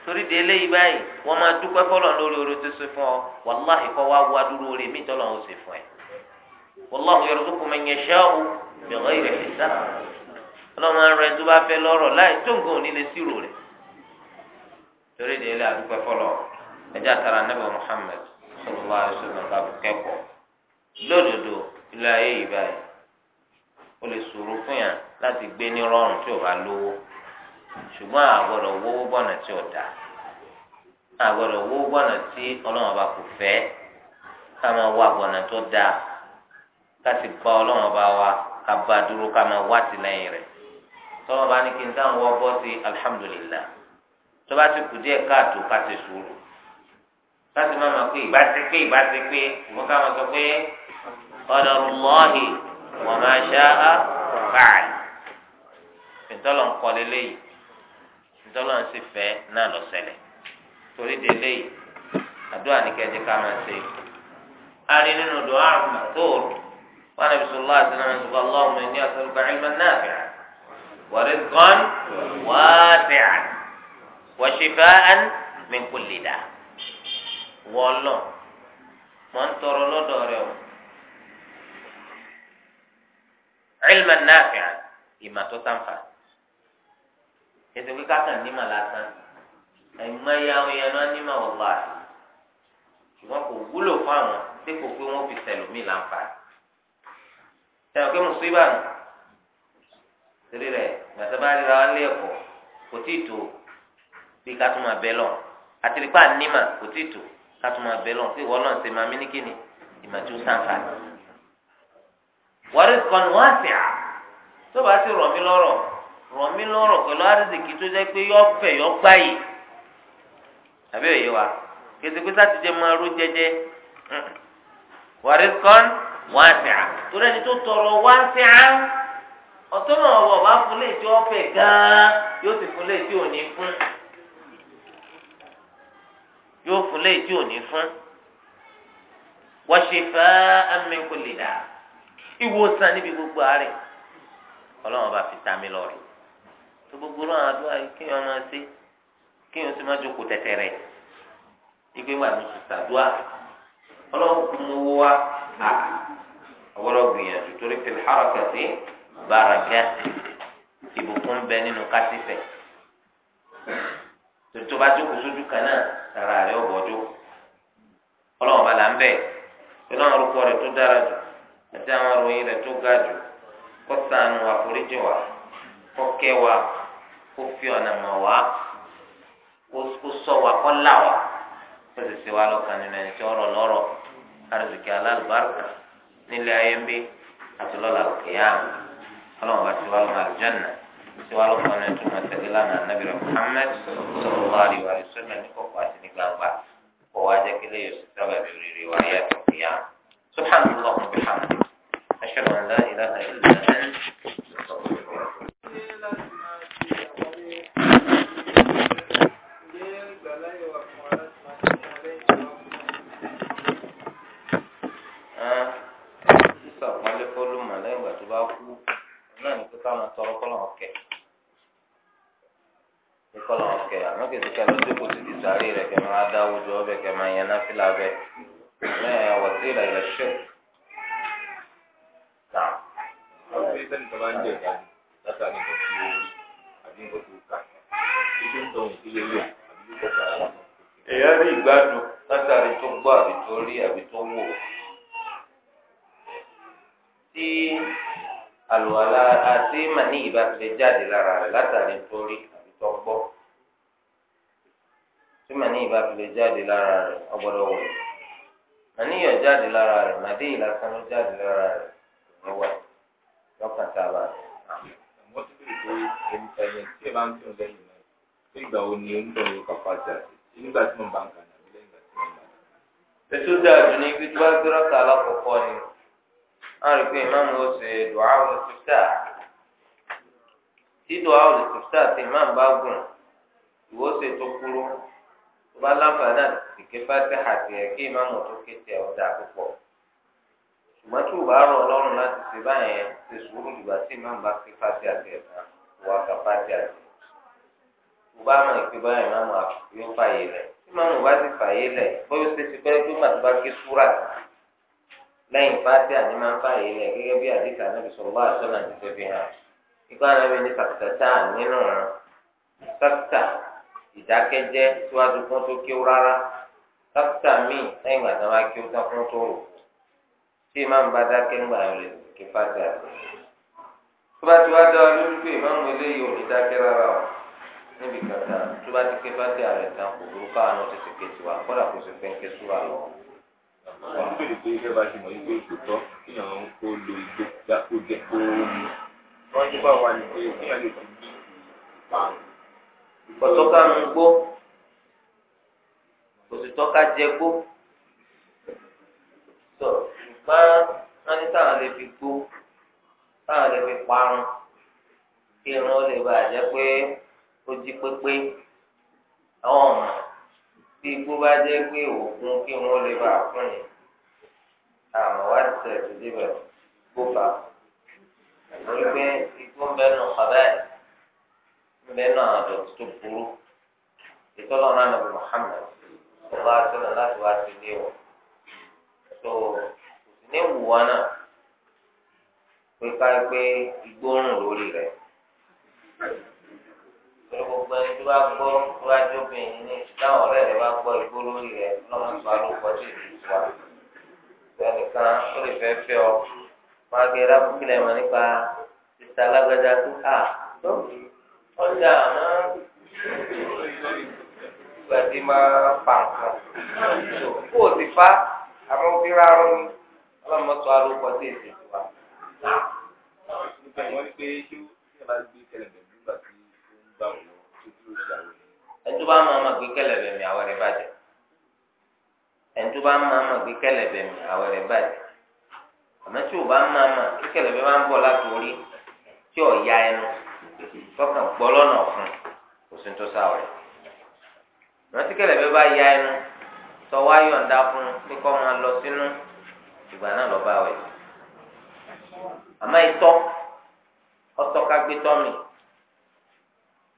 torí de eléyìí báyìí wọ́n máa dúpẹ́ fọlọ́ lórí oore tó ṣe fún ọ wàláhì kọ́ wá wá dúró oore mi tọ́lọ́ ó ṣe fún ẹ wallahu yarzuqu man yasha'u bighayri hisab ọlọ́mọ rẹ tó bá fẹ́ lọ́rọ̀ láì tó nǹkan ò ní lè sírò rẹ̀ torí de eléyìí àdúpẹ́ fọlọ́ ẹjẹ àtàrà anábẹ Muhammad sallallahu alaihi wasallam ká kẹ́kọ̀ọ́ lódodo ilé ayé yìí báyìí ó lè ṣòro fún yàn láti gbé ní rọrùn tí ò bá lówó ṣùgbọ́n àgbọ́dọ̀ wówó bọ̀nà tí ò dáa àgbọ́dọ̀ wó gbọnà tí Ọlọ́run ọba kò fẹ́ ká máa wá gbọnà tó dáa ká sì gba Ọlọ́run ọba wa ká bá dúró ká máa wá tìlẹ́yìn rẹ̀ tọ́lọ́ ní kí n sáà wọ́ bọ́ sí alihamudulilayi tó ti kù díẹ̀ káàtó ká ti sùúrù láti máa ma pé ìbá ti pé ìbá ti pé ìwọ́n ká máa sọ pé ọ̀dọ̀ lọ́ọ̀hì wọ́n máa ṣá á báyìí. ìtọ́lọ̀ ń kọ́ lélẹ́yìí ìtọ́lọ̀ ń sì fẹ́ náà lọ sẹlẹ̀ torí délé yìí àdúrà ní kẹ́jẹ́ ká máa ṣe. a rí nínú dùn àrùn màtóor wọn àbí sọlá àti náà ń sọ ní àtọ́lùkọ́ ìmọ̀ náà fìrà wọ́rẹ́ gan wọ́ọ́ tẹ̀ wọ́ṣífà án mi kò lè wọlọ mọ ń tọrọ lọ́dọ̀ rẹ o ilma nafi'a ìmà tó sànfà ètò kíkà kan nímà lásán ẹ̀gbọ́n ẹ̀yà àwọn èèyàn náà nímà wọlá ṣùgbọ́n kò wúlò fún àwọn tí kò pé wọ́n fi sẹ̀lómi láǹfààní ẹ̀rọ pé mùsùlùmí àná torí rẹ̀ gbàtàbá ríra wọn lé ẹ̀kọ́ kò tí ì tó bí ká tún máa bẹ́ lọ àtìrípà nímà kò tí ì tó kátùmọ̀ abẹ́ lọ́n pé ìwọ náà ṣe máa mí ní kíni ìmọ̀ tí ó sàǹfààní. wàrí kan wá sí à tó bá sì rọ̀ mí lọ́rọ̀ rọ̀ mí lọ́rọ̀ pẹ̀lú àrísìkì tó jẹ́ pé yọ fẹ̀ yọ gbáyì àbí òye wa kèsì pé sáti jẹ máa ró jẹjẹ wàrí kan wá sí à torí ẹni tó tọrọ wá sí à ọ̀tọ́ náà wọ̀ bá fún léèjì ọ̀fẹ́ gan yóò sì fún léèjì òní fún yóò fún léyìí tí ò ní fún wa shifaan min kulli daa ìwòsàn níbi gbogbo àárẹ̀ ọlọ́run bá fi tami lọ rẹ̀ tó gbogbo lọ́wọ́ àdúrà yìí kí wọ́n máa ṣe kí wọ́n sì máa jókòó tẹ̀tẹ̀ rẹ̀ ìgbé wà ní sàdúà ọlọ́run kún mú owó wa à ọwọ́rọ̀ gbìyànjú torí fil harakati baraka ìbùkún bẹ nínú kásífẹ̀ tó bá jókòó sójú kan náà tara rẹ̀ ọ̀bọ̀jọ́ ọlọ́run bá là ń bẹ̀ pẹ̀lú àwọn orúkọ rẹ̀ tó dára jù àti àwọn ìròyìn rẹ̀ tó ga jù kó ṣàánú àforíjì wa kó kẹ́ wa kó fi ọ̀nà mọ̀ wá kó ṣọ́ wa kó là wa kó sì wa lọ́kàn nínú ẹni tí ọ̀rọ̀ lọ́rọ̀ arìsìkì alálùbáríkà nílé ayé ń bí àti lọ́la òkè yá ọlọ́run bá ti wá lọ́la ìṣèwà lọ́kàn rẹ̀ tó máa tẹ̀lé lánàá nàbìrì Muhammad sallallahu alaihi wa sallam ní kọ̀kọ̀ àti ní gbangba kọ̀ wá jẹ́ kílẹ̀ yóò sì sábà bí rere wà yá tó kìyà subhanallah wa bihamdihi ashhadu an la ilaha illa anta àlàyé rẹ̀ gẹ́gẹ́ bí àdìsá nàbì sọ̀rọ̀ àṣọ̀nà ti fẹ́ fi hàn. Ikọ́ ànábì ní sàkítàtà nínú ọ̀ràn. Sàkítà ìdákẹ́jẹ́ síwájú fún tó kéwú rárá. míì ìgbà tó tán fún tó rò. Tí ìmáàmù bá dákẹ́ ọ lórí pé o. Níbi tó bá ti ké tán kò wọ́n béèrè pé iṣẹ́ bá ti mọ̀ yí pé kò tọ́ kí èèyàn kó lo igbó já kó jẹ kó mu wọ́n ní bá wà ní pé kí èèyàn lè ti bí ìpààrọ̀. ọ̀tọ́ká mi gbó òsìtọ́ká jẹ gbó sọ ṣùgbọ́n wọ́n ní táwọn lè fi gbó táwọn lè fi parun kí irun ó lè bàjẹ́ pé ó jí pépé àwọn ọ̀mọ̀ tí igbó bá jẹ́ pé òògùn kí wọ́n lè bá a fún yìí àmọ́ wá ti tẹ̀ sí débẹ̀ kó fà á. torí pé igbó ń bẹ́ẹ̀ nù ọ̀dà ẹ̀ ń bẹ́ẹ̀ nù àwọn àdọ̀tí tó burú ìtọ́lọ́run ànàbì Muhammad ọba àtọ́nà láti wá sí ilé wọn. tó ní wùwá náà pé ká pé igbó ń rùn lórí rẹ̀ pẹ̀lú gbogbo ẹni tó bá gbọ́ kúrájú obìnrin ní táwọn ọ̀rẹ́ rẹ̀ bá gbọ́ igbó lórí rẹ̀ lọ́mọ tó alókọ tí ìlú wa. ẹnìkan ó lè fẹ́ fẹ́ ọ wọn á gbé rábùkí e lẹ̀ mọ́ nípa títa alágbádá tó kà tó ọjà àmọ́ ìgbà tí máa pa nǹkan kó o ti fa àmọ́ bí rárá ni ọlọ́mọ tó alókọ tí ìlú wa. nígbà yẹn wọ́n pé kí ó ṣe máa gbé tẹ̀lẹ̀ bẹ̀rẹ̀ gbà wò tó dúró sí àwọn ènìyàn. ẹni tó bá máa ma gbé kẹlẹbẹ mi àwọ̀ rẹ̀ bàjẹ́ ẹni tó bá máa ma gbé kẹlẹbẹ mi àwọ̀ rẹ̀ bàjẹ́ àmọ́ tí o bá máa ma kí kẹlẹbẹ máa ń bọ̀ láti orí tí ò ya ẹnu tọkàn gbọ́ lọ́nà ọ̀fun kò sí tó sáwọ̀ rẹ̀ àmọ́ tí kẹlẹbẹ bá ya ẹnu tọwọ́ ayọ̀ǹda fún pé kọ́ máa lọ sínú ìgbà náà lọ́ba wẹ̀ àmọ́ ìtọ́ ọtọ́ ká gbé tọ́ mi.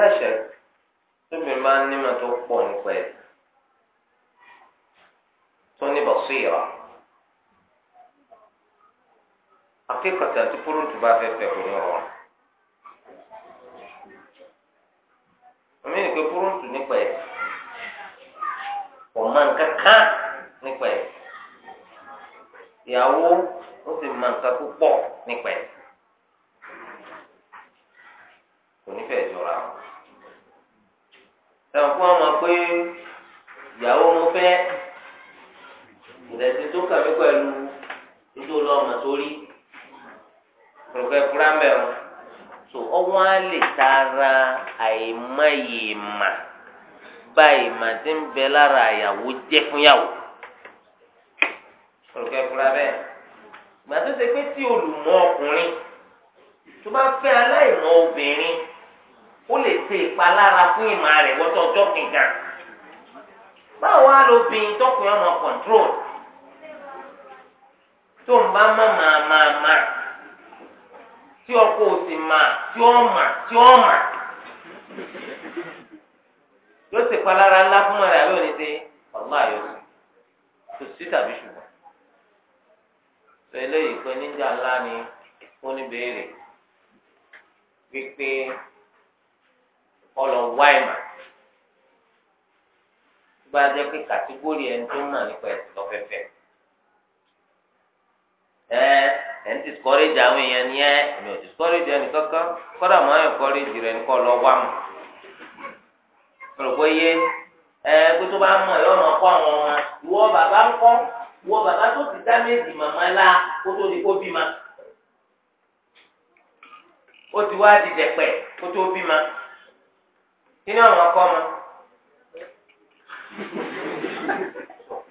láṣẹ tóbi máa ń nímọ̀ tó pọ nípa ẹ̀ tó ní bọ̀síra akẹ́kọ̀ọ́ àti púrúǹtù bá fẹ́ fẹ́ kò ní rọrùn. àmì ìpè púrúǹtù nípa ẹ̀ ọ̀ma nǹkan kan nípa ẹ̀ ìyàwó ó sì ma nǹkan púpọ̀ nípa kò ní jọra ẹ̀wọ̀n fún ọmọ pé ìyàwó mo fẹ́ ìrẹsì tó kàmí pẹ̀lú nítorí ọmọ tó rí pẹ̀lúkẹ́ fúlámbẹ̀ wọn tó ọwọ́ á lè tara àìmọye ìmà bá ìmà tí ń bẹ lára àyàwó jẹ́ fúnyàwó pẹ̀lúkẹ́ fúlámbẹ̀ gbàtó ṣe pé tí olùmọ̀ ọkùnrin tó bá fẹ́ aláìmọ̀ obìnrin. ó lè se ìpalára fún ìmọ̀ rẹ̀ wọ́tọ̀ ọjọ́ kìkan báwo á lo bin tọkùnrin ọmọ control tó ń bá má máa máa máa tí ọkọ òsì máa tí ó mà tí ó mà yóò ṣe ìpalára ńlá fún ọmọ rẹ̀ àbí òní ṣe ọ̀gbọ́n àyọ̀sùn kò sí tàbí ṣùgbọ́n sọ eléyìí níjà ńlá ni ó ní béèrè wípé. ọlọ wá ìmọ̀ tó bá jẹ́ pé kàtígórì ẹni tó ń nà nípa ẹ̀sìn lọ́fẹ̀fẹ̀ ẹ ẹ ń discourage àwọn èèyàn ni ẹ èmi ò discourage ẹni kankan kọ́dà máa ń encourage rẹ nìkan lọ wá mọ̀ rògbò yé ẹ kó tó bá mọ̀ yọ ọ̀nà kọ́ àwọn ọmọ ìwọ bàbá ń kọ́ ìwọ bàbá tó ti dá méjì màmá lá kó tó di kó bímọ ó ti wá di dẹ̀pẹ̀ kó tó kí ni àwọn ọkọ ọmọ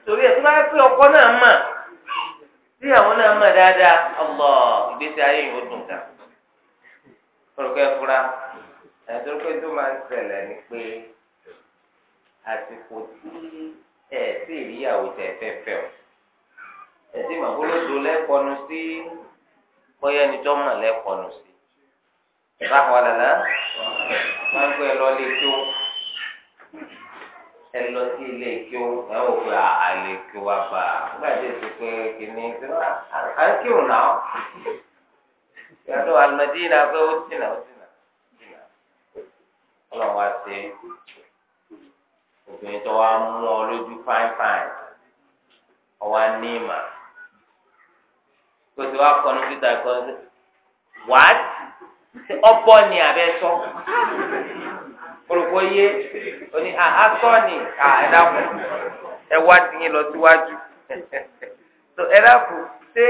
torí ẹ̀ tó bá pé ọkọ náà mà tí àwọn náà mà dáadáa ọlọ ìgbésí ayé yìí ó dùn ká orúkọ ẹ fura ẹ tó pé tó máa ń ṣẹlẹ̀ ni pé àsìkò tí ẹ sì rí ìyàwó tẹ fẹfẹ o ẹ sì mà bólóso lẹkọọnu sí bóyá ẹni tó mà lẹkọọnu sí báwo lálá máa ń gbé ẹ lọ lé kí ó ẹ lọ sí ilé kí ó ẹ wò pé àlè kí wá bá a nígbà tí èsì pé kìíní ti wá à ń kírun náà yàtọ̀ àlùmọ̀dé yìí náà pé ó sì náà ó sì náà ọlọ́run wá sí obìnrin tó wá mú ọ lójú fáínfáìn ọwọ́ ní ìmà kó o ti wá kọ́nu peter kọ́nu what. ọbọ ni abẹ sọ oní asọ ah, ni ẹdàkù ah, ẹwà lọ síwájú ṣé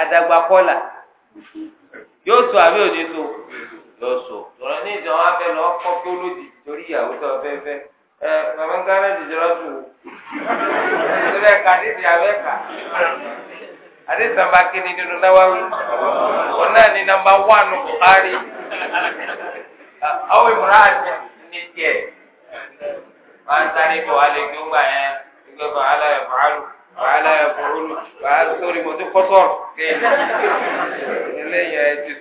àdàgbà kọlà yóò sọ àbí òní tó yóò sọ ní ìjọ wọn abẹ lọ kọ kí ó torí ìyàwó tó fẹ́ fẹ́ ẹ bàbá ń lọ ẹ ní àdéhùn nàmbà kíni nínú náwáwí òun náà ní nàmbà Bukhari ọwọ́ ìmúràn ní tiẹ̀ wọ́n á sáré bọ̀ wá lè gbé ńgbà yẹn gbé bọ̀ wá láyọ̀ bọ̀hálù wàhálà ẹ̀fọ́rúlù wàhálà sórí mọ́tò kọ́tọ̀ kéèlì eléyìí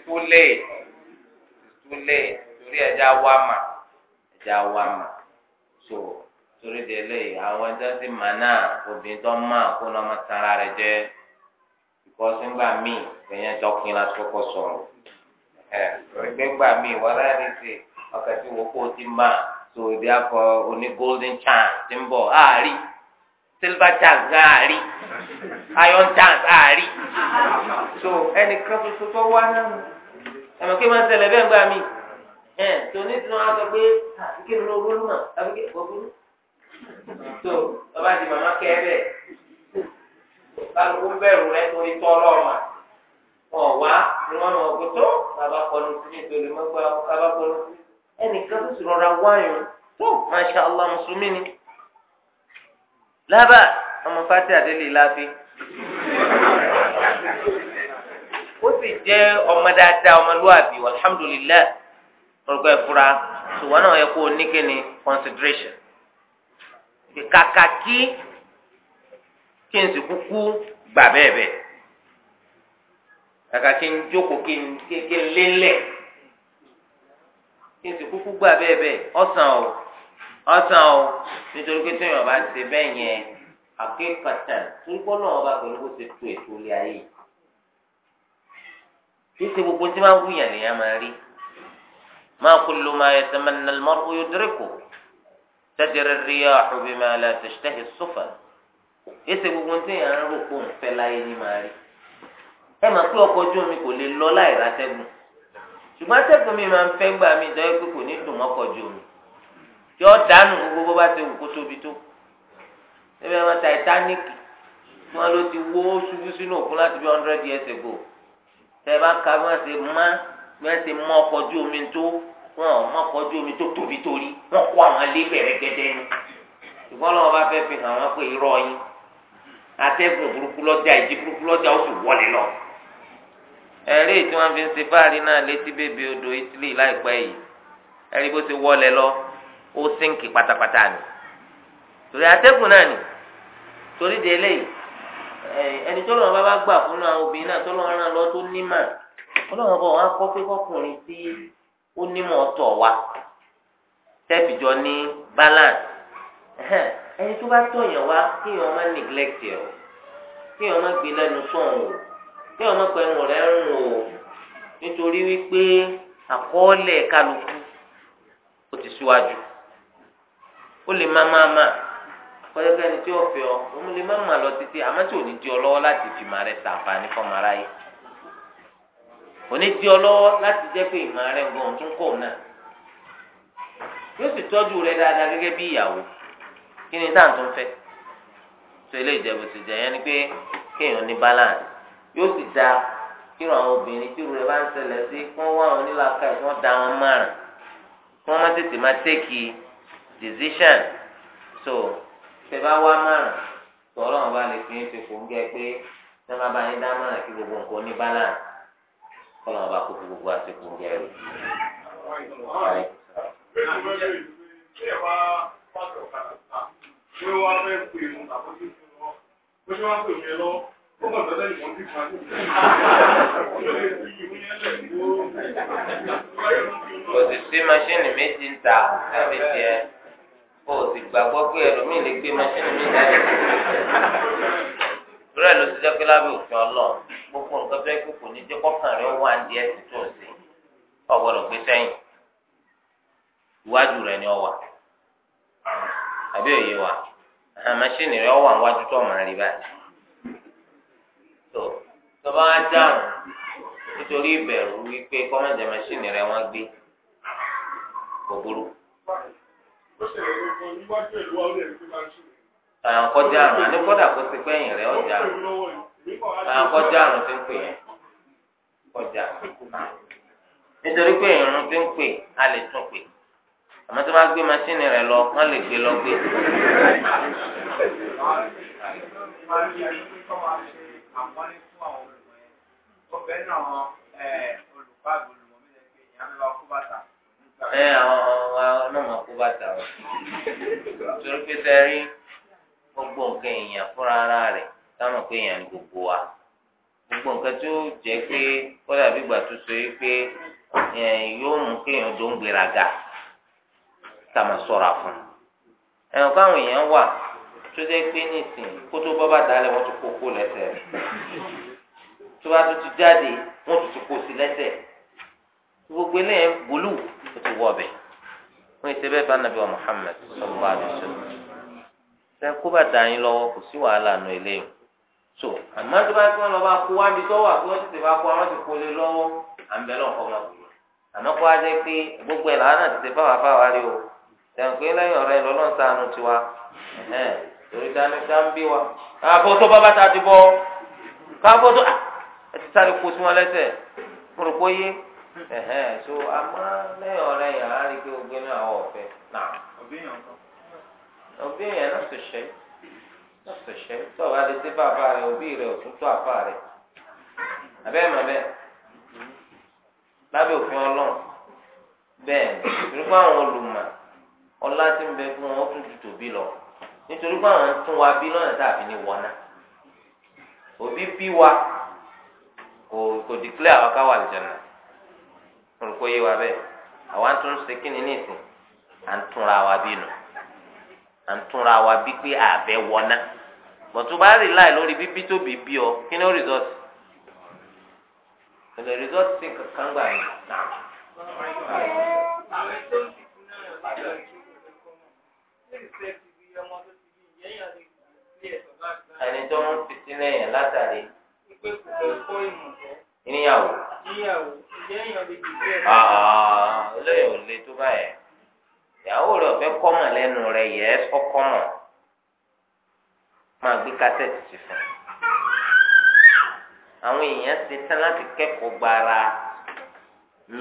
so de bọ́sìngbà míì lẹ́yìn ẹjọ́kùnrin láti kọ́kọ́ sọ̀rọ̀ ẹ̀ gbẹ́ngbà míì wọ́n láyé ní ti ọkàn tí wọ́n kó ti máa so ìdí akọ oní golden chance ti ń bọ̀ àárí silver chance àárí iron chance àárí so ẹnìkan tuntun tó wá náà ẹ̀mọ̀ kí máa ń ṣẹlẹ̀ bẹ́ẹ̀ gbà mí ẹ̀ tó ní tiwọn á sọ pé kí ló ló wúlò náà àbí kí ló wúlò so bàbá di màmá kẹ́ bẹ́ẹ̀ kálukú bẹ̀rù rẹ torí tọ́ ọlọ́ọ̀mà wọn wá ni wọn mọ ọgbẹ tó bàbá kọlu sí nítorí mọgbà bàbá kọlu sí ẹnìkan tó sì rọra wáyùn tó masha allah mùsùlùmí ni lábà ọmọ fati adélé láfi ó sì jẹ́ ọmọ dáadáa ọmọlúwàbí alhamdulilayi orúkọ ẹ̀fura ṣùgbọ́n náà yẹ kó o consideration kàkà kí kí n sì kúkú gbà bẹ́ẹ̀ bẹ́ẹ̀ kàkà kí n jókòó kí n kí n lélẹ̀ kí n sì kúkú gbà bẹ́ẹ̀ bẹ́ẹ̀ ọ̀sán o ọ̀sán o nítorí pé téèyàn bá ṣe bẹ́ẹ̀ yẹn akékọ̀tàn torí pé ọlọ́run pẹ̀lú bó ṣe tu ètò ilé ayé yìí gbogbo tí máa ń wúyàn lèèyàn máa rí. ما كل ما يتمنى المرء يدركه تجري الرياح بما لا تشتهي السفن ese gbogbo ní sèyàn ń rò pé òun fẹ́ láyé ní máa rí ẹ mà pé ọkọ̀ ojú omi kò lè lọ láì ra atẹ́gùn ṣùgbọ́n atẹ́gùn mi máa ń fẹ́ gbà mí ìjọ pé kò ní dùn mọ́kọ̀ ojú omi yọ dànù gbogbo bó bá ti wù kó tóbi tó ẹbí ẹ máa Titanic tí wọ́n ló ti wó ṣubú sínú òkun láti bí hundred years ago tẹ́ ẹ bá ka bí wọ́n ṣe má bí wọ́n ṣe mọ́ ọkọ̀ ojú omi tó wọn ò mọ́kọ̀ ojú omi tó tóbi torí wọ́n kó àwọn ilé bẹ̀rẹ̀ gẹ́gẹ́ ni ṣùgbọ́n lọ́wọ́ bá fẹ́ fi hàn wọ́n pé irọ́ yín atẹ́gùn burúkú lọ́jà ìdí burúkú lọ́jà ó sì wọlé lọ. ẹ̀rí tí wọ́n fi ń ṣe fáàrí náà létí bèbè odò Italy láìpẹ́ yìí ẹ̀rí bó ṣe wọlé lọ ó sínkì pátápátá ni torí atẹ́gùn náà ni torí de eléyìí ẹni tó lọ́wọ́ bá gbà fún àwọn obìnrin lọ tó wa ní balance ẹni tó bá tọ̀yàn wá kéèyàn má neglect ẹ̀ o kéèyàn má gbé lẹ́nu sọ̀hún o kéèyàn má rẹ̀ ń rùn o nítorí wípé àkọọ́lẹ̀ kálukú ó ti síwájú O lè má má má kọjá tí ọ òun lè má má lọ títí àmọ́ tí ò ní di ọ lọ́wọ́ láti fi màá rẹ̀ aráyé di ọ lọ́wọ́ láti jẹ́ pé ìmọ̀ ń tún kí ni dáhùn tó ń fẹ́ tó ilé ìjẹ̀bù ti jẹ̀ yẹn ni pé kéèyàn ní balance yóò sì da kírun àwọn obìnrin tí irú rẹ̀ bá ń ṣẹlẹ̀ sí kí wọ́n wá àwọn onílàákà kí wọ́n da wọn márùn kí wọ́n má tètè má tẹ́kì decision so tẹ bá wá márùn tọ́lọ́ wọn bá lè fi ń fipò ń gẹ pé tẹ má bá yín dá márùn kí gbogbo nǹkan ní balance kọ́lọ́ wọn bá kó fún gbogbo àtìkù ń gẹ rẹ̀. Thank you pé wọ́n fẹ́ pè é mú tàbí pé wọ́n ṣe wá pè mí lọ ó kàn tẹ́lẹ̀ ìwọ̀n tí kan ní ìlú. Kò sì sí maṣíìnì méjì ń ta láti jẹ. Kò sì gbàgbọ́ pé ẹlòmíì lè gbé maṣíìnì méjì láti jẹ rẹ ló ti jẹ pé lábẹ́ òfin Ọlọ́run gbogbo nǹkan fẹ́ kó kò ní jẹ kọkàn rẹ wà ní ẹ ti tó sí ọgbọ́dọ̀ pé sẹ́yìn iwájú rẹ ni ọ wà àbí òye wà mẹsìnì rẹ wà wájú tó máa rí báyìí tó tó bá wá dáhùn nítorí ìbẹ̀rù wípé kọ́mọ̀jẹ̀ mẹsìnì rẹ wọ́n gbé kò burú. àyànkọ́jà àrùn àní kọ́dà kó ti pẹ́yìn rẹ ọjà àrùn àyànkọ́jà àrùn ti ń pè yẹn kọjá nítorí pé ìrún ti ń pè a lè tún pè àmọ́ tó bá gbé masínì rẹ̀ lọ wọ́n lè gbé lọ gbé. ẹ àwọn ọlọ́mọ kó bàtà o torí pé sẹ́rí gbogbo nǹkan èèyàn fúnra ara rẹ̀ táwọn pé èèyàn gbogbo wa gbogbo nǹkan tó jẹ́ pé kọ́dà bí gbà tó so yìí pé yóò mú kéèyàn tó ń tá a máa sọ̀ra fún un. ẹ̀wọ̀n káwọn èèyàn wà tó dé pé nìsín kó tó bọ́ bàtà lẹ̀ wọ́n ti kó kó lẹ́sẹ̀ rẹ̀ tó bá tó ti jáde wọ́n ti ti kó sí lẹ́sẹ̀ gbogbo eléyẹ bùlù ó ti wọ ọbẹ̀ wọ́n ti bẹ́ẹ̀ bá nàbí wa Muhammad sọ̀rọ̀ àdùsọ̀ ṣe kó bàtà yín lọ́wọ́ kò sí wàhálà nù eléyìí so àmọ́ tó bá tó ń lọ bá kó wá bí tọ́wọ́ àti wọ́n ti ti bá kó àwọn ti kó lé lọ́wọ́ à ń bẹ lọ́kọ́ wọn àmọ́ kó wá jẹ́ pé gbogbo ẹ̀ làwọn náà ti o. sẹ̀wọ̀n pé lẹ́yìn ọ̀rẹ́ tiwa torí dání sáńbí wa àbọ̀ bàbá ta ti bọ̀ káàbọ̀ ah! ẹ ti sáré kó sí yé so rí pé náà òbí yẹn náà náà tó o bá lè rẹ òbí rẹ òtútù àfà rẹ abẹ́ mọ̀ bẹ́ẹ̀ lábẹ́ òfin ọlọ́run bẹ́ẹ̀ ọlá tí ń bẹ fún wọn ó tún ju tòbí lọ nítorí pé àwọn ń tún wa bí lọ́nà tá a fi ní wọná òbí bí wa kò kò dìklẹ́ àwọn ká wà lìjànà olùkọ́ yé wa bẹ́ẹ̀ àwa ń tún ṣe kíni ní ìsìn à ń túnra wa bí nù à ń túnra wa bí pé àbẹ̀ wọná bọ̀tún rí láì lórí bíbí tó bí ọ kí ni ó rìsọ́ọ̀tì ẹ̀lẹ́ rìsọ́ọ̀tì kankan gbà yín. ẹni tó ń fìtí lẹ́yìn látàrí níyàwó. Ah, eléyìí ò le tó báyẹn ìyàwó rẹ̀ ọ̀fẹ́ kọ́mọ̀ lẹ́nu rẹ̀ yẹ ẹ́ sọ́kọ́mọ̀ máa gbé kásẹ̀tì sí fún un àwọn èèyàn ti tán láti kẹ́kọ̀ọ́ gbára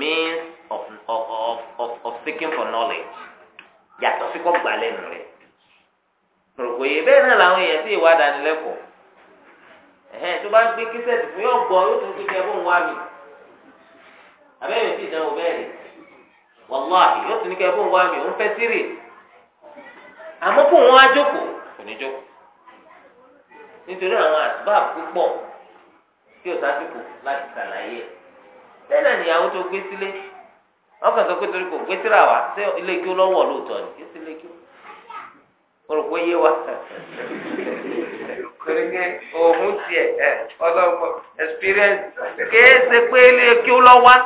means of, of, of, of seeking for knowledge. yàtọ̀ sí kọ́ gbà lẹ́nu rẹ̀ rògbò yìí bẹ́ẹ̀ náà làwọn èèyàn sì wá dánilẹ́kọ̀ọ́ ẹ̀hẹ́n tó bá ń gbé kíṣẹ́ẹ̀tì fún yóò gbọ́ yóò tún kíkẹ́ fún wa mi abẹ́rẹ́ ti dánwò bẹ́ẹ̀ rẹ̀ wàláhì yóò tún fún mi òun fẹ́ sírì àmọ́ á jókòó kò ní jókòó wọn kàn sọ pé torí kò gbé síra wa ṣé ilé kí ó lọ́wọ́ lóòótọ́ ni kí ó sì ilé kí ó mo rò pé yé wa torí pé òun tiẹ̀ ọlọ́gbọ́n experience kéé ṣe pé ilé kí ó lọ́wọ́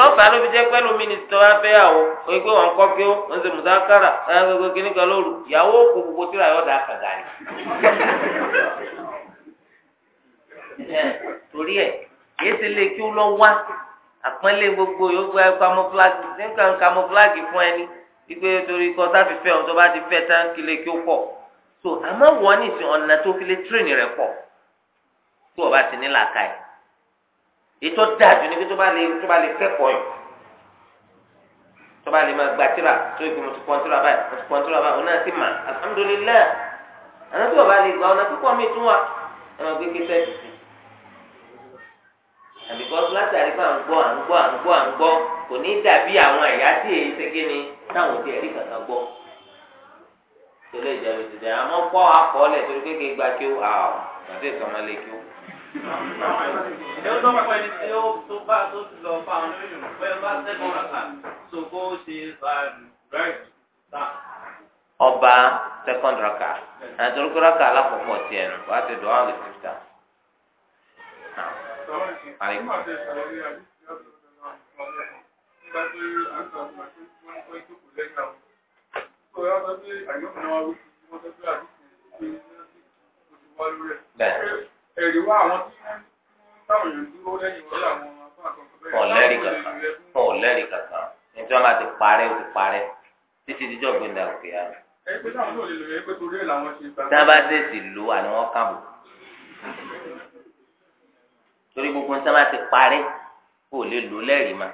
lọ́fà ló fi jẹ́ pẹ́lú mínísítọ̀ abẹ́yàwó oye pé wọ́n kọ́ kí ó ń ṣe mùsákàrà ẹ̀ gbogbo kí ní kan lóru ìyàwó òkú gbogbo tí ra yọ̀dà ni. torí ẹ̀ kìí ṣe kí ó lọ wá àpọ́nlé gbogbo yòókù ẹ kamọ́fúlágì nígbà kamọ́fúlágì fún ẹni wípé torí kọ́ sáfi fẹ́ ọ̀n tó bá ti fẹ́ tán kí lè kí ó pọ̀ tó àmọ́ wọ́n ní ìsìn ọ̀nà tó fi lè tírèènì rẹ̀ pọ̀ tó o bá ti ní làákà ẹ̀ ètò dájú ni pé tó bá lè tó bá lè kẹ́kọ̀ọ́ yìí tó bá lè máa gba tíra tó ìgbìmọ̀ mo ti pọ́n tíra báyìí mo ti pọ́n tíra báyìí òun náà ti mà alhamdulilayi àná tó o bá lè gba ọ̀nà púpọ̀ mi tún wa ẹ̀ àbíkọ́sí látàrí pé à ń gbọ́ à ń gbọ́ à ń gbọ́ à ń gbọ́ kò ní dàbí àwọn ẹ̀yà tí èyí ṣe kí ni táwọn ti ẹ̀rí kankan gbọ́. àmọ́ kọ́ torí gba kí ó àwọ̀ àti ìsọmọ lè kí ó. ṣé ó tọ́pọ̀ ẹni tí ó tó bá tó ti lọ fún àwọn olóyún pé bá sẹ́gun kó ṣe rẹ̀ tà. ọba second raka àti orúkọ raka ọ̀lẹ́rì kankan ọ̀lẹ́rì kankan nítorí wọn bá ti parẹ́ ó ti parẹ́ títí díjọ́ gbẹ̀ndà òkè àná. ẹgbẹ́ táwọn náà lè lò wọ́n bá torí gbogbo ń sábà ti parí kó lè lò lẹ́rìí ma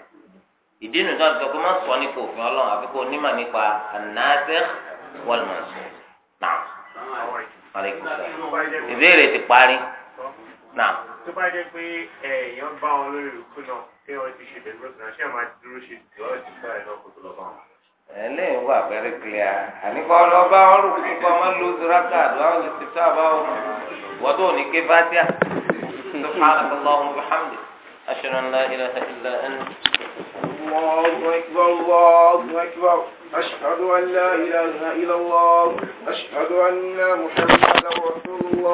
ìdí nu tó ń sọ pé má sọ nípa òfin ọlọ́run àfi kó onímọ̀ nípa an-nasikh wal-mansukh náà maaleykum salaam ìbéèrè ti parí náà. tó bá jẹ́ pé èèyàn bá wọn lórí ìrùkú náà ṣé wọ́n ti ṣe dẹ̀gbọ́sì náà ṣé máa dúró ṣe ìwọ́n ti gbà ẹ̀ náà kó tó lọ bá wọn. ẹlẹ́yìn wà very clear àníkọ́ ọlọ́ba ọ̀rùn kúkú ọmọ lóṣù rákà àdúrà òṣìṣẹ́ àbáwọ̀ wọ́n tó ní ké bá tíà. سبحانك اللهم وبحمدك أشهد أن لا إله إلا أنت الله أكبر الله أكبر أشهد أن لا إله إلا الله أشهد أن محمدا رسول الله